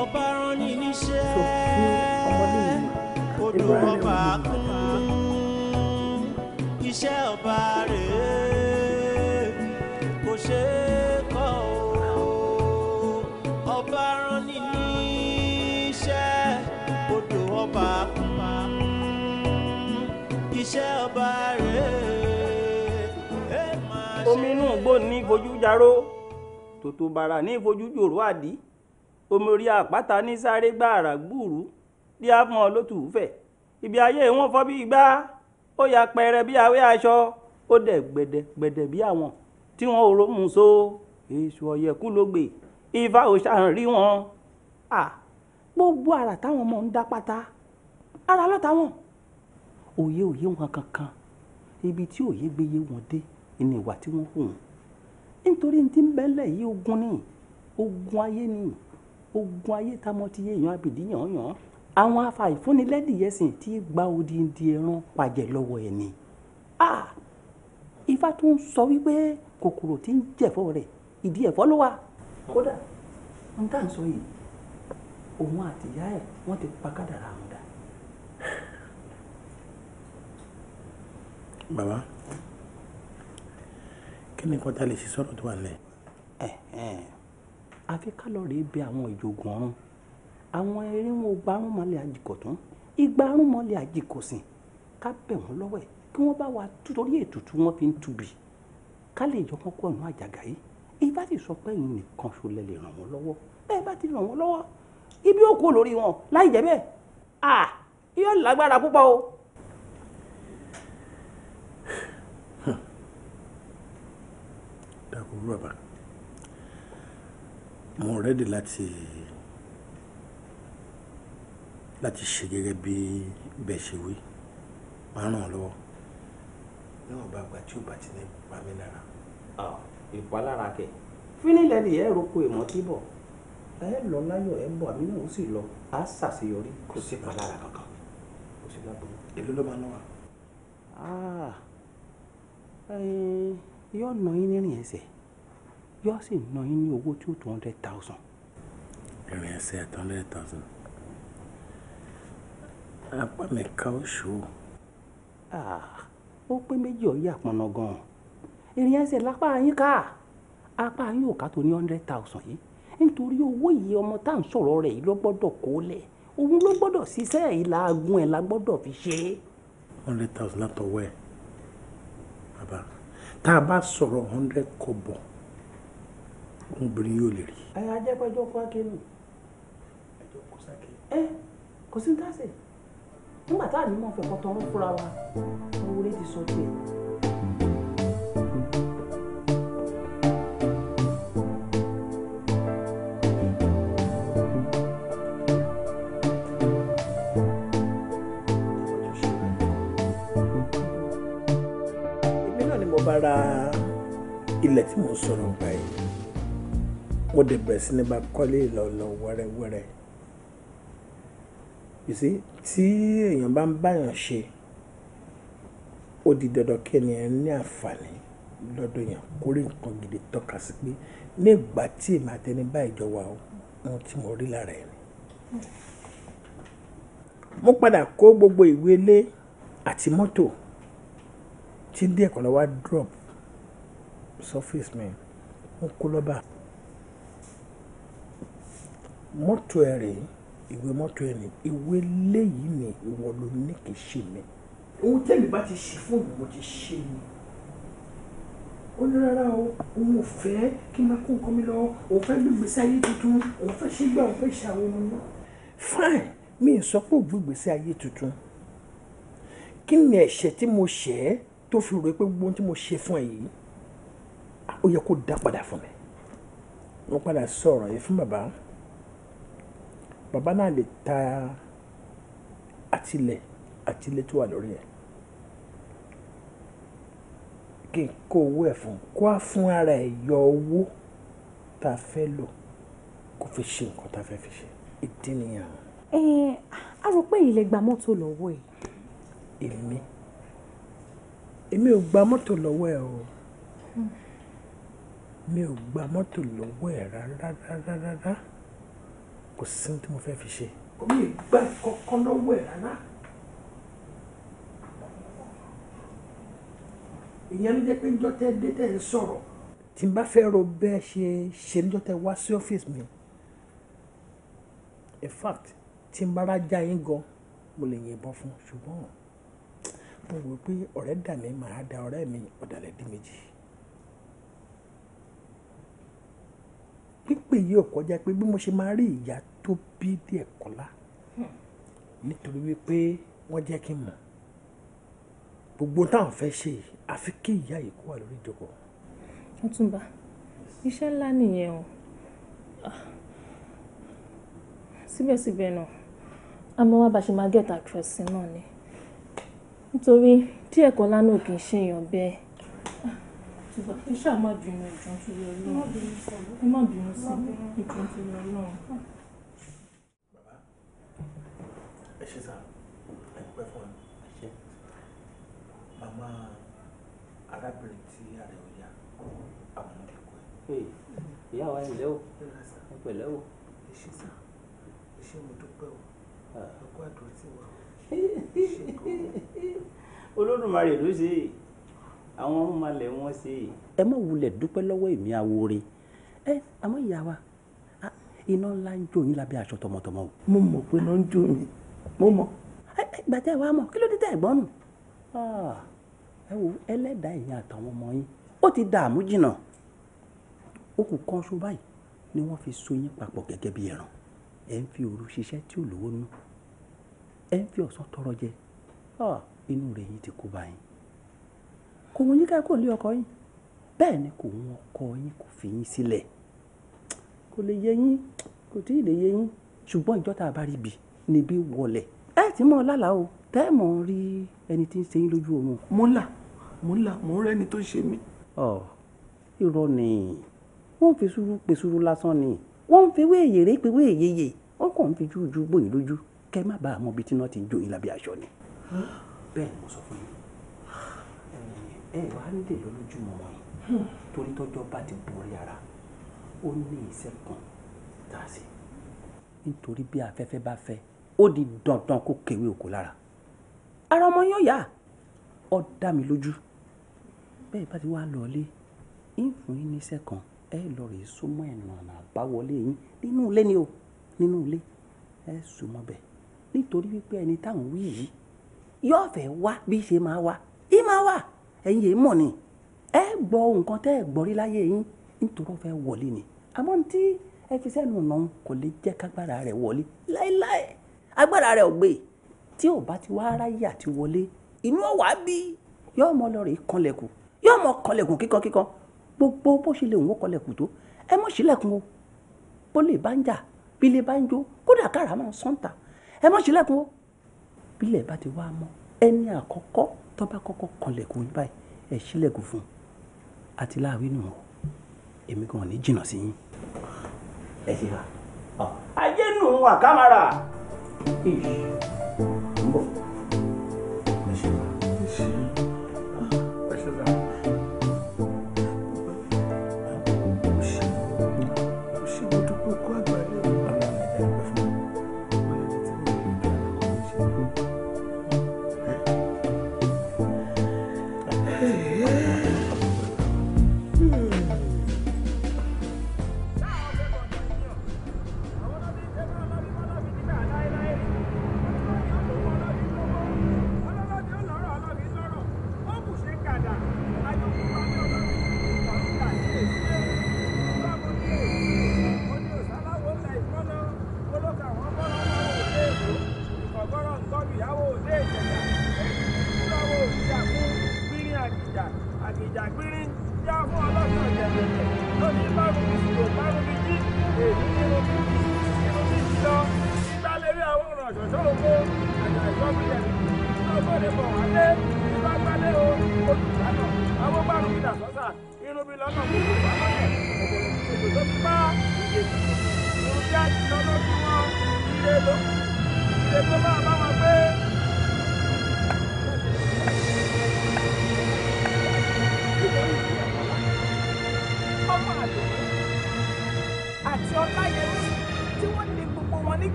ọba rán ni níṣẹ́ odò ọba kún iṣẹ́ ọba rèé. iṣẹ́ ọba rẹ̀. omi inú igbó ní ìfojú jaró tòtò bàrà ní ìfojú jòrò àdí omi orí àpáta ní sáré gbàrà gbùrú bí a fún ọ ló tù ú fẹ ibi ayé wọn fọ bí igbá ó ya pẹrẹ bí awé aṣọ ó dẹ gbẹdẹ gbẹdẹ bí àwọn tí wọn ò rómù so èso ọyẹkú ló gbè ifá ò ṣàǹrí wọn gbogbo àrà táwọn ọmọ ń dá pátá ara lọ́ta wọn òye òye wọn kankan ibi tí òye gbéye wọn dé ni ìwà tí wọ́n hù nítorí ti ń bẹ́lẹ̀ yìí ogun ni ogun ayé ni ogun ayé tamọ́ ti yé èèyàn abìdí yàn yàn àwọn afàìfúnnilẹ́dìyẹsìn tí gba odindi ẹran pàjẹ́ lọ́wọ́ ẹ̀ ni ifá tún sọ wípé kòkòrò tí ń jẹ̀fọ́ rẹ̀ ìdí ẹ̀fọ́ ló wà. kódà n tá ń sọ yìí òun àtìyá ẹ̀ wọ́n ti pa kádàrà wọn. bàbá kí ni kọjá lè ṣe sọ̀rọ̀ tó wà nílẹ̀. àfi kálọ̀rì bẹ àwọn ìjogun ọ̀run àwọn eréwọ̀n gbárùn mọ́lẹ̀ àjìkọ̀tún igbárùn mọ́lẹ̀ àjìkọ̀sìn ká bẹ̀ wọ́n lọ́wọ́ ẹ̀ kí wọ́n bá wa torí ètùtù wọn fi ń tubì ká lè jọ wọn kó ọ̀nà àjàgà yìí ibà sì sọ pé ẹ̀yin nìkan ṣọlẹ̀ lè ràn wọ́n lọ́wọ́ bẹ́ẹ̀ bá ti ràn wọ́n lọ́wọ́ ibi ó kó lórí wọn láì jẹ́ bẹ́ẹ̀ ah yóò lágbára púpọ̀ o. owúrọ̀ bá mo rẹ́dì láti láti ṣe gẹ́gẹ́ bí bẹ́ẹ̀ ṣe wí máa ràn án lọ́wọ́ níwọ̀n bá gba tí ó bá ti ní pa mí lára. ìpalára kẹ fínílẹ̀ ni ẹ roko ìmọ̀ tí bọ̀ ẹ lọ láyọ̀ ẹ bọ̀ àmì náà ó sì lọ á ṣàṣeyọrí kò sí ìpalára kankan kò sí lábọ̀. èló ló máa ná wa. yóò yín nírìn ẹsẹ̀ yóò sì ná yín ní owó tí ó two hundred thousand. ìrìn ẹsẹ̀ two hundred thousand apá mi ká oṣù. Ah, ó pé méjì ọ̀yẹ́ àpọ̀nà gan-an ìrìn ẹsẹ̀ lápá yín ká apá yín ò ká tó ní hundred thousand yìí nítorí owó yìí ọmọ tá à ń sọ̀rọ̀ rẹ̀ yìí ló gbọ́dọ̀ kó lẹ̀ òun ló gbọ́dọ̀ ṣiṣẹ́ ìlàgùn ẹ̀ la gbọ́dọ̀ fi ṣe. hundred thousand látọwọ́ ẹ̀ bàbá tá a bá sọ̀rọ̀ hundred kọ̀bọ̀ obìnrin yóò lè rí. ẹ ajẹ́pẹ́jọ́ fún akéwì. ẹjọ́ kò sáké. ẹ kò sí ní tásì nígbà tá a ní mọ̀ fẹ́ kọ́ tọrọ fúnra wa owóore ti sọ tiẹ̀. èmi náà ni mo ilẹ̀ tí mò sọ̀rọ̀ nípa mo dẹ̀ bẹ̀rẹ̀ sí ní bá kọ́lé lọ́lọ́ wẹ́rẹ́wẹ́rẹ́ you see tí èèyàn bá ń báyàn ṣe ó di dandan kí ènìyàn ní àǹfààní lọ́dọ̀ yẹn kó rí nǹkan gidi tọ́ka sí pé ní ìgbà tí èmi àtẹni báyìí jọ wà ohun tí mo rí lára ẹ̀ ni. mo padà kó gbogbo ìwé ilé àti mọ́tò tí díẹ̀ kan lọ́wọ́ drop surface mi mo kó lọ́ba mọ́tò ẹ rèé ìwé mọ́tò ẹ ní ìwé léyìí ni ìwọ ló ní kì í ṣe mi. ohun tẹ́mi bá ti ṣe fún mi mo ti ṣe ni ó ní rárá o òun ò fẹ́ kí n máa kó nǹkan mi lọ òun fẹ́ gbégbèsè ayé tuntun òun fẹ́ ṣe gbà òun fẹ́ ṣàwọn ọmọ náà. fine mi ì sọ pé ò gbégbèsè ayé tuntun kí ni ẹ̀ṣẹ̀ tí mo ṣẹ̀ ẹ́ tó fi rò pé gbogbo ohun tí mo ṣe fún ẹ yìí ó yẹ kó dá padà fún mi. mo padà sọ ọ̀rọ̀ yìí fún bàbá bàbá náà lè ta àtìlẹ̀ àtìlẹ̀ tó wà lórí ẹ̀ kí n kó owó ẹ̀ fún kó a fún ara ẹ̀ yọ owó tá a fẹ́ lò kó fi ṣe nǹkan tá a fẹ́ fi ṣe ìdí nìyẹn. ẹ ẹ a rò pé èyí gba mọ́tò lọ́wọ́ ẹ̀. èmi èmi ò gba mọ́tò lọ́wọ́ ẹ̀ o hmm. mi ò gba mọ́tò lọ́wọ́ ẹ̀ rárá rárá rárá kò sí ohun tí mo fẹ́ fi ṣe. omi ìgbà ìkọ̀kọ̀ lọ́wọ́ ẹ̀ rárá. ìyẹn ló jẹ́ pé níjọ́ tẹ́ dé tẹ́ ń sọ̀rọ̀. tí n bá fẹ́ ro bẹ́ẹ̀ ṣe ṣe níjọ́ tẹ́ wá sí ọ́fíìsì mi in fact tí n bá rájà yín gan mo lè yìnbọn fún ṣùgbọ́n mo rò pé ọ̀rẹ́ dà mí màá da ọ̀rẹ́ mi ọ̀dàlẹ̀ dí méjì. pípè yìí ò kọjá pé bí mo ṣe máa rí ìyá tó bí Dẹ́kọ́lá nítorí wípé wọ́n jẹ́ kí n mọ̀ gbogbo táwọn fẹ́ ṣe àfi kí ìyá yìí kó wà lórí ìjókòó. ọ̀túnba iṣẹ́ ńlá nìyẹn o ah, síbẹ̀síbẹ̀ náà a máa wá bá ṣe máa get actress náà ni nítorí Dẹ́kọ́lá náà kì í ṣèyàn bẹ́ẹ̀ ti gbà ẹ ṣáà má bínú ìjọ tó yọ lọ́rùn ẹ má bínú sí ìjọ tó yọ lọ́rùn. bàbá ẹ ṣe sá ẹ pẹ fún wa ṣe màmá arábìnrin tí ààrẹ ò yá àwọn ọmọdé kọ ẹ. ìyá wa ẹ ǹlẹ́ o ẹ pẹ̀lẹ́ o. ẹ ṣe sá ẹ ṣe mo dúpẹ́ o ah. ẹ kó àdúró tí wà o. <laughs> olódùmarè ló ṣe é àwọn ọmọlẹ̀ wọn ṣe. ẹ má wulẹ̀ dúpẹ́ lọ́wọ́ èmi awore ẹ àmọ́ ìyá wa iná ńlá ń jó yín lábẹ́ aṣọ tọmọtọmọ o. mo mọ̀ pé iná ń jó mi mo mọ̀. gbàtẹ́ wa mọ̀ kí ló dé tẹ́ ẹ̀gbọ́n nù. ẹ wo ẹlẹ́dàá ẹ̀yìn àtàwọn ọmọ yín ó ti dààmú jìnnà ó kù kán so báyìí ni wọ́n fi so yín papọ̀ gẹ́gẹ́ bí ẹran ẹ̀ ń fi òru ṣiṣẹ́ tí ò lówó nù ẹ̀ ń fi ọ̀sán tọrọ jẹ inú rẹ̀ yín ti kú báyìí kò wọ́n yín ká kò lé ọkọ yín bẹ́ẹ̀ ni kò wọ́n ọkọ yín kò fi yín sílẹ̀ kò lè yẹ yín kò tí ì lè yẹ yín ṣùgbọ́n ìjọ́ tá bi níbi wọlé ẹ ti mọ̀ lálàá o tẹ́ mọ̀ ń rí ẹni tí ń ṣe yín lójú òun. mo ń là mo ń là mo ń rẹ́ni tó ṣe mí. ọ irọ́ ni wọ́n fi sùúrù pe suru lásán ni wọ́n fi wéèyè rè pé wéèyè wọ́n kàn ń fi jújú bòyìn lójú kẹ́ má bàa mọ ibi tí wọ́n ti jó yín lábẹ́ aṣọ ni. bẹ́ẹ̀ ni mo sọ fún yín ẹ wà á lè lọ yìí torí tọ́jọ́ bá ti borí ara ó ní iṣẹ́ kan tá a ṣe nítorí bí afẹ́fẹ́ bá fẹ́ ó di dandan kó kéwé òkú lára ara ọmọ yóò yá ọ dá mi lójú bẹ́ẹ̀ bá ti wá lọ́ọ́lé ìfún yín níṣẹ́ kan ẹ lọ rèé súnmọ́ ẹ̀nà àbáwọlé yín nínú ilé ni o nínú ilé ẹ súnmọ́ bẹ́ẹ̀ nítorí wípé ẹni táwọn wí yìí yóò wá bí ṣe máa wá í ẹ̀yin yìí mọ̀ ni ẹ gbọ́ nǹkan tẹ́ ẹ gbọ́ rí láyé yín nítorí ọ̀fẹ́ wọlé ni àmọ́ tí ẹ fi sẹ́nu ọ̀nà kò lè jẹ́ kágbára rẹ̀ wọlé láéláé agbára rẹ̀ ò gbé tí ò bá ti wá ráyè àti wọlé inú ọ̀wá bí yóò mọ lọ rè é kanlẹ̀kùn yóò mọ kanlẹ̀kùn kíkan kíkan gbogbo bó ṣe lè wọ́n kanlẹ̀kùn tó ẹ mọ̀ sílẹ̀kùn o bó lè bá ń jà bí lè bá ń jó kódà kára máa sọ́ǹtà ẹ mọ̀ sílẹ̀kùn o bílẹ̀ bá ti wá mọ́ ẹni àkọ́kọ́ tó bá kọ́kọ́ kanlẹ̀kùn yín báyìí ẹ̀ ṣílẹ̀kùn fún un àti láàrin nù ọ́ èmi gan ní jìnnà sí yín. ẹ ṣe wa ayé nù wà kámárà. ń bọ̀.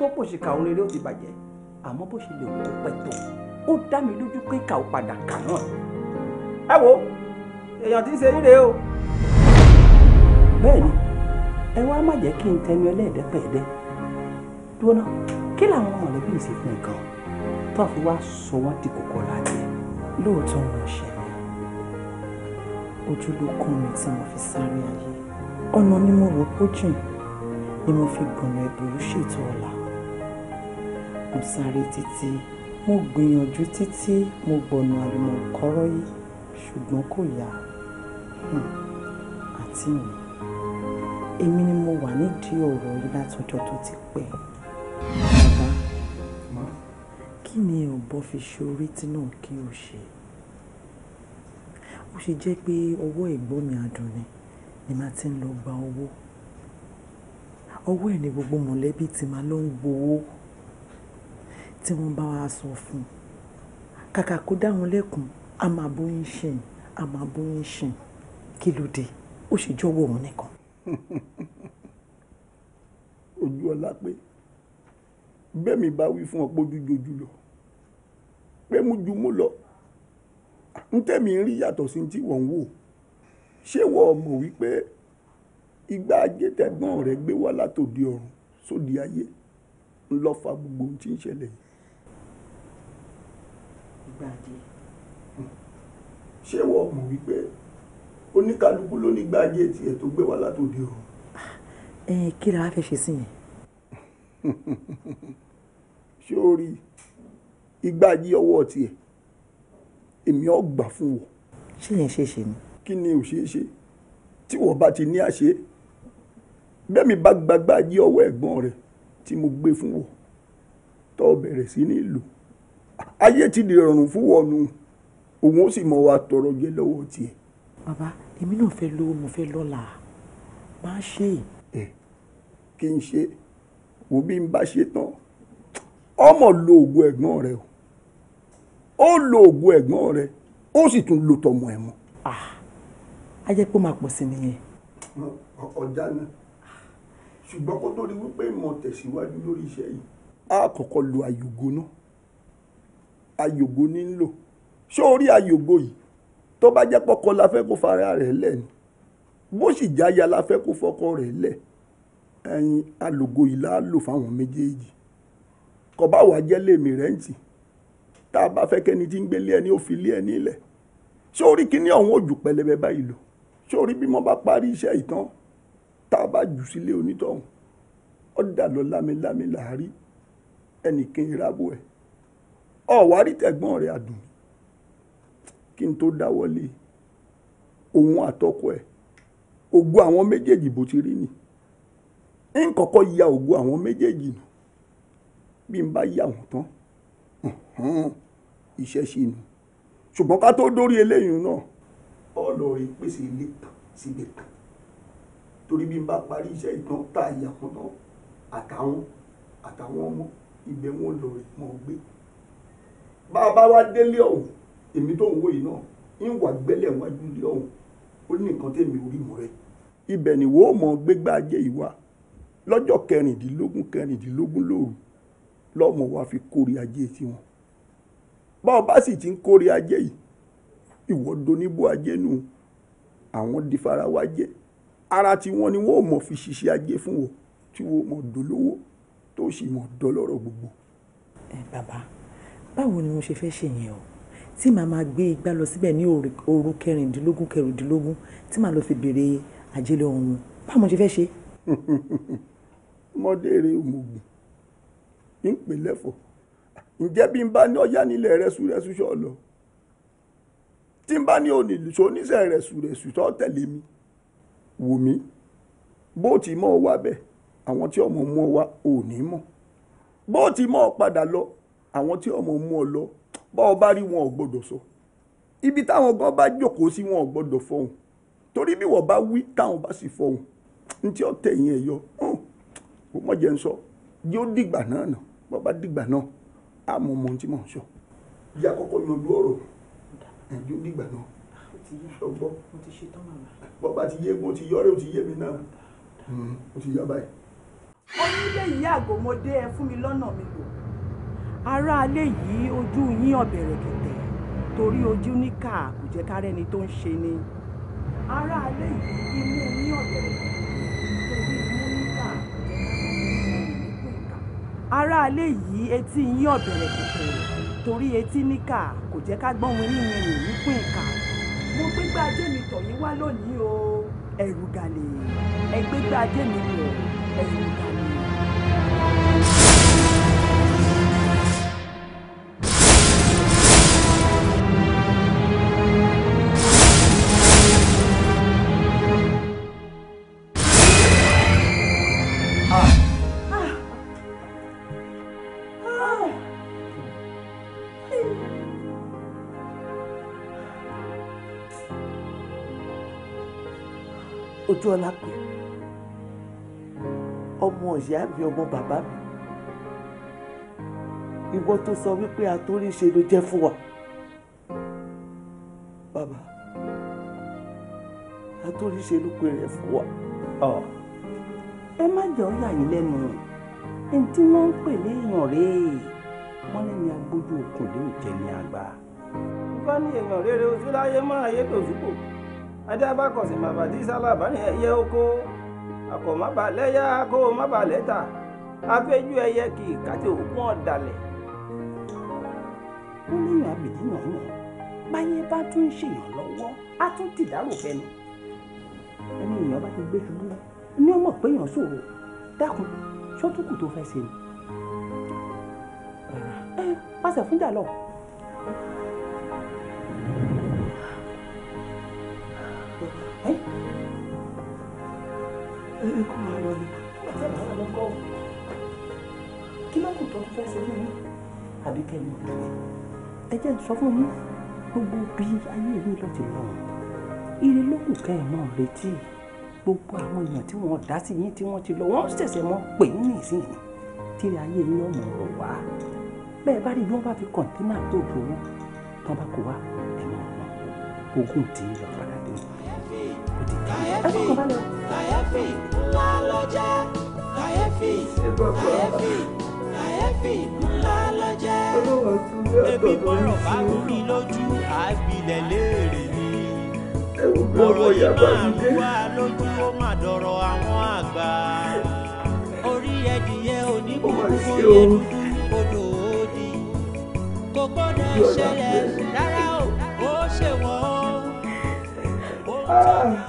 tó pòṣìkà òun rere ó ti bàjẹ́ àmọ́ bó ṣe lè wò ó pẹ́ tó ó dá mi lójú pé kà ó padà kà náà. ẹ wo èèyàn tí ń ṣe rírè o. bẹ́ẹ̀ni ẹ wá má jẹ́ kí n tẹnu ẹlẹ́ẹ̀dẹ́pẹ̀ẹ́dẹ́ dúró kí làwọn mọ̀lẹ́bí ń ṣe fún ẹ gan tó fi wá sọ wọ́n di kòkó lájẹ lóòótọ́ mo ṣẹ̀ ojú ló kún mi tí mo fi sáré ayé ọ̀nà ni mo rò pójìn ni mo fi gbọ̀nà ẹ̀bùrú ṣètò ọ̀la mo sáré títí mo gbìyànjú títí mo gbọ̀nà àlùmọ̀kọ́rọ́ yìí ṣùgbọ́n kò yá àti mi èmi ni mo wà nídìí ọ̀rọ̀ yìí látọjọ́ tó ti pẹ́ bàbá kí ni ọ̀bọ fi ṣorí tí náà kí o ṣe ó ṣe jẹ́ pé ọwọ́ ẹ̀gbọ́n mi Àdùnní ni màá ti ń lọ gba owó ọwọ́ ẹ̀ ni gbogbo mọ̀lẹ́bí ti máa lọ ń gbowó tí wọ́n bá wa sọ fún un kàkà kó dá wọn lẹ́kùn a máa bóyún ṣìn a máa bóyún ṣìn kí ló dé ó ṣe jọ̀wọ́ òun nìkan. <laughs> ojú ọlá pé bẹ́ẹ̀ mi bá wí fún ọ pé ojújojú lọ pé mú ju mú lọ ntẹ́mi ń rí yàtọ̀ sí ti wọ́n ń wò ṣé wọ́n mọ̀ wípé ìgbà ajé tẹ̀gbọ́n gbé wá látòdì ọ̀run sódì ayé ńlọ́fà gbogbo ohun tí ń ṣẹlẹ̀ yìí gbà díẹ̀. ṣé wọ́n mọ̀ wípé oníkálukú ló ní gbájé tiẹ̀ tó gbé wá látòde o. ẹ kí la fẹ́ ṣe sí yẹn. <laughs> ṣé o rí igbájí ọwọ́ tiẹ̀ èmi ò gbà fún wọ. ṣé yẹn ṣe é ṣe ni. kí ni ò ṣeé ṣe tí wọ́n bá ti ní àṣẹ bẹ́ẹ̀ mi bá gbagbájí ọwọ́ ẹ̀gbọ́n rẹ̀ tí mo gbé fún wọ tó bẹ̀rẹ̀ sí ní ìlú. ayé ti dìrọ̀rùn fún wọnú òun ó sì mọ wa tọrọ jẹ lọwọ tiẹ̀. bàbá èmi náà fẹ́ lówó mo fẹ́ lọ́là má ṣe. ẹ kí n ṣe wo bí n bá ṣe tán ọmọ lo oògùn ẹ̀gbọ́n rẹ o ó lo oògùn ẹ̀gbọ́n rẹ ó sì tún lo tọmọ ẹ̀ mọ́. a jẹ́ pé ó máa pọ̀ sí nìyẹn. ọjà náà ṣùgbọ́n kó tó di wípé mo tẹ̀síwájú lórí iṣẹ́ yìí a kọ́kọ́ lo àyògo náà ayògo ní ń lò ṣó orí ayògo yìí tó bá jẹ́ pọ́kọ la fẹ́ kó fara rẹ̀ lẹ̀ ni bó sì jáya la fẹ́ kó fọkọ rẹ̀ lẹ̀ ẹyin alògo yìí la lò fáwọn méjèèjì kò bá wàá jẹ́ lèmi rẹ́ǹtì tá a bá fẹ́ kẹ́ni tí ń gbélé ẹni ó fi lé ẹni lẹ̀ ṣó orí kíní ọ̀hún òjò pẹlẹbẹ báyìí lò ṣó orí bí mo bá parí iṣẹ́ ìtàn tá a bá jù sílé onítọ̀hún ọ̀dà lọ lámilámi làárí ẹnìkan ìrábò ẹ̀ ọ̀wárí tẹ̀gbọ́n rẹ̀ àdùn kí n tó dáwọ́lé òun àtọkọ ẹ̀ ògo àwọn méjèèjì bó ti rí ni ń kọ́kọ́ ya ògo àwọn méjèèjì nù bí n bá ya wọn tán iṣẹ́ ṣe nù ṣùgbọ́n ká tó dórí eléyìí náà ọlọ́rin pèsè ilé kan síbi kan torí bí n bá parí iṣẹ́ ìtàn tá a yà wọn tán àtàwọn àtàwọn ọmọ ibẹ̀ wọn lọ rẹ̀ mọ́ gbé bá a bá wá délé ọ̀hún èmi tó ń wò yìí náà ń wà gbẹ́lẹ̀ wájú ilé ọ̀hún ó ní nǹkan tẹ̀mí orí mọ́ rẹ̀. ibẹ̀ ni wọ́n mọ gbégbá ajé ìwà lọ́jọ́ kẹrìndínlógún kẹrìndínlógún lóru lọ́mọ wa fi kórè ajé tiwọn bá ọba sì ti ń kórè ajé yìí ìwọ doníbo ajé nù àwọn difarawa jẹ ara tiwọn ni wọn ò mọ fi ṣiṣẹ́ ajé fún wọn tí wọn ò mọ dolówó tó sì mọ dọlọ́rọ̀ gbogbo. ẹ bàbá báwo ni mo ṣe fẹ́ ṣe yẹn o tí màá máa gbé igbá lọ síbẹ̀ ní òru kẹrìndínlógún kẹrìndínlógún tí màá lọ fi béèrè àjẹlẹ̀ ọ̀hún báwo ṣe fẹ́ ṣe. <laughs> ọmọdé rẹ òmùgùn ń pè lẹ́fọ̀ ǹjẹ́ bí n bá ní ọjà nílẹ̀ rẹ̀sù rẹ̀sù ṣọ́ lọ tí n bá ní oníṣẹ́ oníṣẹ́ rẹ̀sù rẹ̀sù tó tẹ̀lé mi wò mí bó ti mọ̀ wá bẹ́ẹ̀ àwọn tí ọmọ mọ̀ wá ò ní mọ̀ bó ti mọ̀ padà lọ àwọn tí ọmọ mú ọ lọ bá ọ bá rí wọn ò gbọdọ̀ sọ ibi táwọn gan bá jókòó sí wọn ò gbọdọ̀ fọhùn torí bí wọ́n bá wí táwọn bá sì fọhùn ní tí ó tẹ̀yìn ẹ̀ yọ kò mọ̀ jẹ́ ń sọ yóò dìgbà náà nà bọ́ bá dìgbà náà á mọ ọmọ tí mò ń sọ ìyá kọ́kọ́ yanjú ọ̀rọ̀ yóò dìgbà náà ṣọgbọ́ bọ́ bá ti yé mo ti yọrẹ́ o ti yé mi náà o hmm, ti yá báyìí. onílé ìyá àgòmọdé ẹ fún mi lọ́nà mi lò aráalé yìí ojú yín ọ̀bẹ̀rẹ̀ kẹ̀tẹ̀ torí ojú níkà kò jẹ́ kárẹ́ni tó ń ṣe ni aráalé yìí imú yín ọ̀bẹ̀rẹ̀ kẹ̀tẹ̀ torí imú níkà kò jẹ́ kárẹ́ni tó ń ṣe ni aráalé yìí etí yín ọ̀bẹ̀rẹ̀ kẹ̀tẹ̀ torí etí níkà kò jẹ́ ká gbọ́n wọn nínú ìrìn nípìn ìkà mo gbégbá ajé mi tọ̀ yín wá lónìí o ẹ̀rù gàlè ẹgbẹ́gbá ajé mi tọ̀ ẹ̀rù gàlè. Tójúọlá pé ọmọ ìyá mi ọmọ bàbá mi ìwọ tó sọ wípé atóríṣe ló jẹ́ fún wa bàbá atóríṣe ló pè rẹ fún wa. ẹ má jẹ́ ó yà yín lẹ́nu ẹni tí wọ́n ń pè léèyàn rèé wọ́n lẹ́ni agbójú okùn lè jẹ́ ní àgbà. ìbá ní èèyàn rere ojú láyé máa yé tòṣùpò ajábákọ̀sí màbàdí sálábà ní ẹyẹ oko àkọ̀mábalẹ̀ yá kó o mábalẹ̀ ta afẹ́jú ẹyẹ kì í kàtí òkun ọ̀dàlẹ̀. wọ́n léèyàn àbìdí yànnà báyẹn bá tún ń ṣèyàn lọ́wọ́ á tún tìdárò fẹ́ni. ẹni èèyàn bá ti gbé ṣubú ni ó mọ̀ pé èèyàn ṣòro dákun ṣọ́tùkù tó fẹ́ ṣe ni. pàṣẹ fúnjà lọ. ẹ kó máa lọ ni. kí ló kù sọ fún mi gbogbo bí ayé mi ló ti lọ ire ló kù retí gbogbo àwọn èèyàn tí wọ́n dá sí yín tí wọ́n ti lọ wọ́n ṣẹ̀ṣẹ̀ mọ́ pè ní ìsinyìí tí ayé yín ọmọ ọ̀rọ̀ wá bẹ́ẹ̀ bá rí bí wọ́n bá fi kọ̀ǹtínà tó gbowó tán bá kó wá ẹ̀ mọ́ ogún tí ń lọ dé. ẹ fọkàn balẹ̀ kàyéfì ńlá ló jẹ́ kàyéfì kàyéfì kàyéfì ńlá ló jẹ́. ebi bọ́rọ̀ bá mi lójú àbílẹ̀ léèrè ni ọ̀rọ̀ yìí máa lójú ó máa dọ̀rọ̀ àwọn àgbà orí ẹdìyẹ oníkùnkùn oyè dúdú odò òdì kò gbọ́dọ̀ ṣẹlẹ̀ rárá o ó ṣèwọ́ ó ń tọ́. Ah.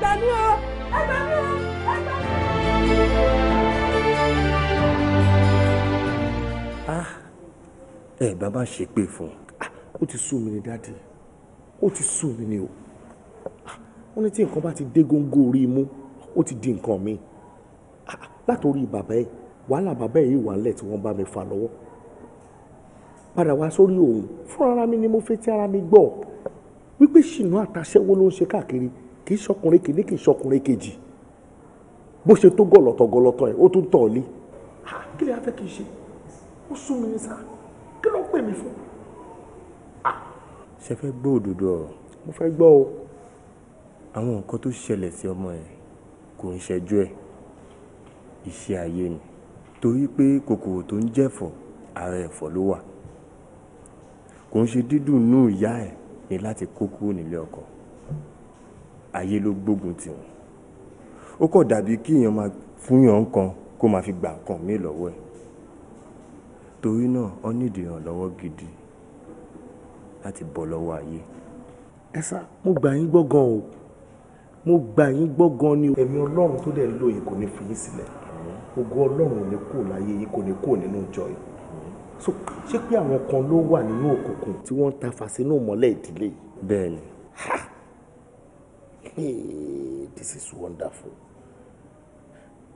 gbà mí o ẹ gbà mí o ẹ gbà mí o. Ah, ẹ bàbá ṣe pé fún un ah, ó ti sú mi ní dáàdì ó ti sú mi ní o wọ́n ah, ní tí nǹkan bá ti dé góńgó orí imú ó ti di nǹkan mi látòrí bàbá ẹ wàhálà bàbá ẹ yìí wà nílẹ̀ tí wọ́n bá mi fà lọ́wọ́ padà wá sórí òun fúnra mi ni mo fẹ́ tí ara mi gbọ́ wípé ṣìnà àtàṣẹ́wó ló ń ṣe káàkiri kì í ṣọkùnrin kìíní kì í ṣọkùnrin kejì bó ṣe tó gọ̀lọ̀tọ̀ gọ̀lọ̀tọ̀ ẹ̀ ó tún tọ̀ lé ah, kí lè afẹ́ kì í ṣe ó sún mi ní sáà kí ló pè mí fún. Ah, ṣe fẹ́ gbọ́ òdodo ọ̀rọ̀ mo fẹ́ gbọ́ o àwọn nǹkan tó ṣẹlẹ̀ sí ọmọ ẹ̀ kò ń ṣẹjú ẹ̀ iṣẹ́ ayé ni torí pé kòkòrò tó ń jẹ̀fọ́ ara ẹ̀fọ́ ló wà kò ń ṣe dídùn inú ìyá ẹ̀ ni láti kó kúrò nílé ọkọ ayé ló gbógun tì wọ́n ó kọ̀ dàbí kí èèyàn máa fún yàn kan kó máa fi gbà nǹkan míì lọ́wọ́ ẹ̀ torí náà ó nídìí ìrànlọ́wọ́ gidi láti bọ́ lọ́wọ́ ayé. ẹ sá mo gbà yín gbọ́ngàn o mo gbà yín gbọ́ngàn ni ẹ̀mí ọlọ́run tó dẹ̀ ń lò yín kò ní fi yín sílẹ̀ ògo ọlọ́run ò ní kú láyé yín kò ní kú nínú ìjọ yìí so ṣé pé àwọn kan ló wà nínú òkùnkùn tí wọ́n ń ta fà sínú ìmọ́lẹ̀ ìdílé yìí. bẹ́ẹ̀ this is wonderful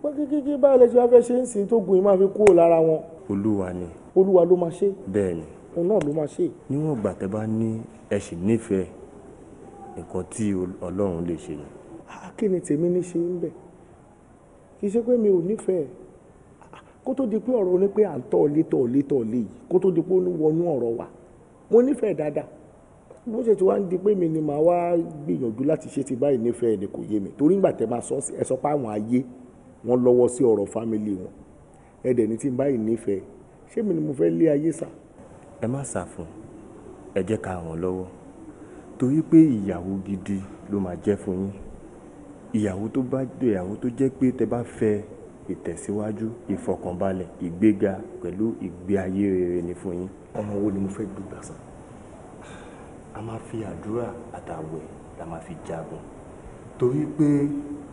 pé kékeré báyìí lẹ́sìn wá fẹ́ ṣe ń sìn tó gùn yìí máa fi kúrò lára wọn. olúwa ni. olúwa ló máa ṣe. bẹ́ẹ̀ ni. òun náà ló máa ṣe. níwọ̀n ìgbà tẹ́ bá ní ẹ sì nífẹ̀ẹ́ nǹkan tí ọlọ́run lè ṣe. kí ni tèmi ní ṣe ń bẹ̀ kì í ṣe pé mi ò nífẹ̀ẹ́ kó tó di pé ọ̀rọ̀ ni pé à ń tọ̀ lé yìí kó tó di pé ó wọnú ọ̀rọ̀ wa mo nífẹ̀ẹ́ dáadáa bó ṣe ti wá ń di pé mi ni màá wá gbìyànjú láti ṣe ti báyìí nífẹ̀ẹ́ ẹni kò yé mi torí ńgbà tẹ́ máa sọ ẹ sọ pé àwọn ayé wọn lọ́wọ́ sí ọ̀rọ̀ fámìlì wọn ẹ dẹ̀ ní tí báyìí nífẹ̀ẹ́ ṣé mi ni mo fẹ́ lé ayé sà. ẹ má sà fún ẹ jẹ́ ká ràn lọ́wọ́ torí pé ìyàwó gidi ló máa jẹ́ fún yín ìyàwó tó bá ìyàwó tó jẹ́ pé tẹ́ bá fẹ́ ìtẹ̀síwájú ìfọkànbalẹ̀ ìgbéga pẹ̀lú ìgbé ayé rere ni fún yín ọmọ wo ni mo fẹ́ gbégbá sàn a máa fi àdúrà àtàwẹ̀ la máa fi jagun torí pé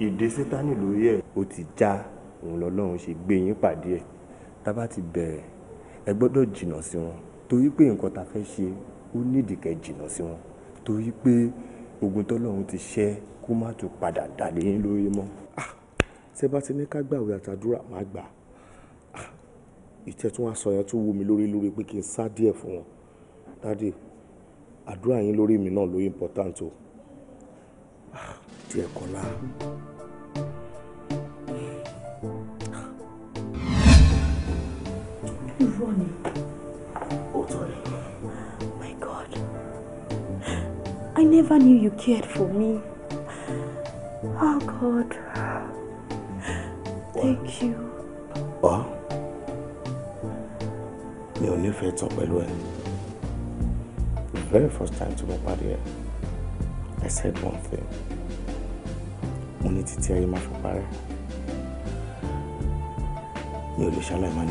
ìdè sátani lórí ẹ̀ ó ti já òun lọ́lọ́run ṣe gbé yín pàdé ẹ̀ tá bá ti bẹ̀rẹ̀ ẹ gbọ́dọ̀ jìnnà sí wọn torí pé nǹkan tá fẹ́ ṣe ó nídìí kẹ́ jìnnà sí wọn torí pé ogun tọ́lọ́run ti ṣẹ́ kó má tún padà dàlé yín lórí mọ́. ṣé ah, bá ti ní ká gbàwé àtàdúrà má gbà ah, ìtẹ̀tún aṣọ tún wú mi lórí lórí pé kí n sá díẹ̀ fún wọn dáadé àdúrà yín lórí mi náà ló important o tiẹ̀ kọ́lá. irọ́ ni my God I never knew you cared for me oh God thank you. ọ mi ò nífẹ̀ẹ́ tán pẹ̀lú ẹ very first time tí mo pàdé ẹ I said one thing We need to tell you, my parẹ́ you will lè ṣaláì má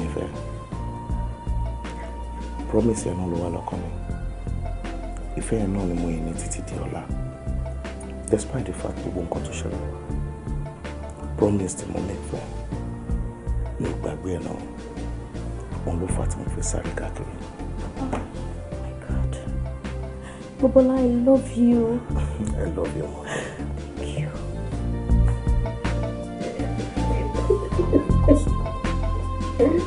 promise you know ló wà lọ́kàn mi ìfẹ́ yẹn náà ni mo yìn ní títí di despite the fact won't go to ṣẹlẹ̀ promise the mo for you. mi ò gbàgbé ẹ̀ náà òun to fà tí mo Bobola, I love you. I love you, Thank you. Thank you.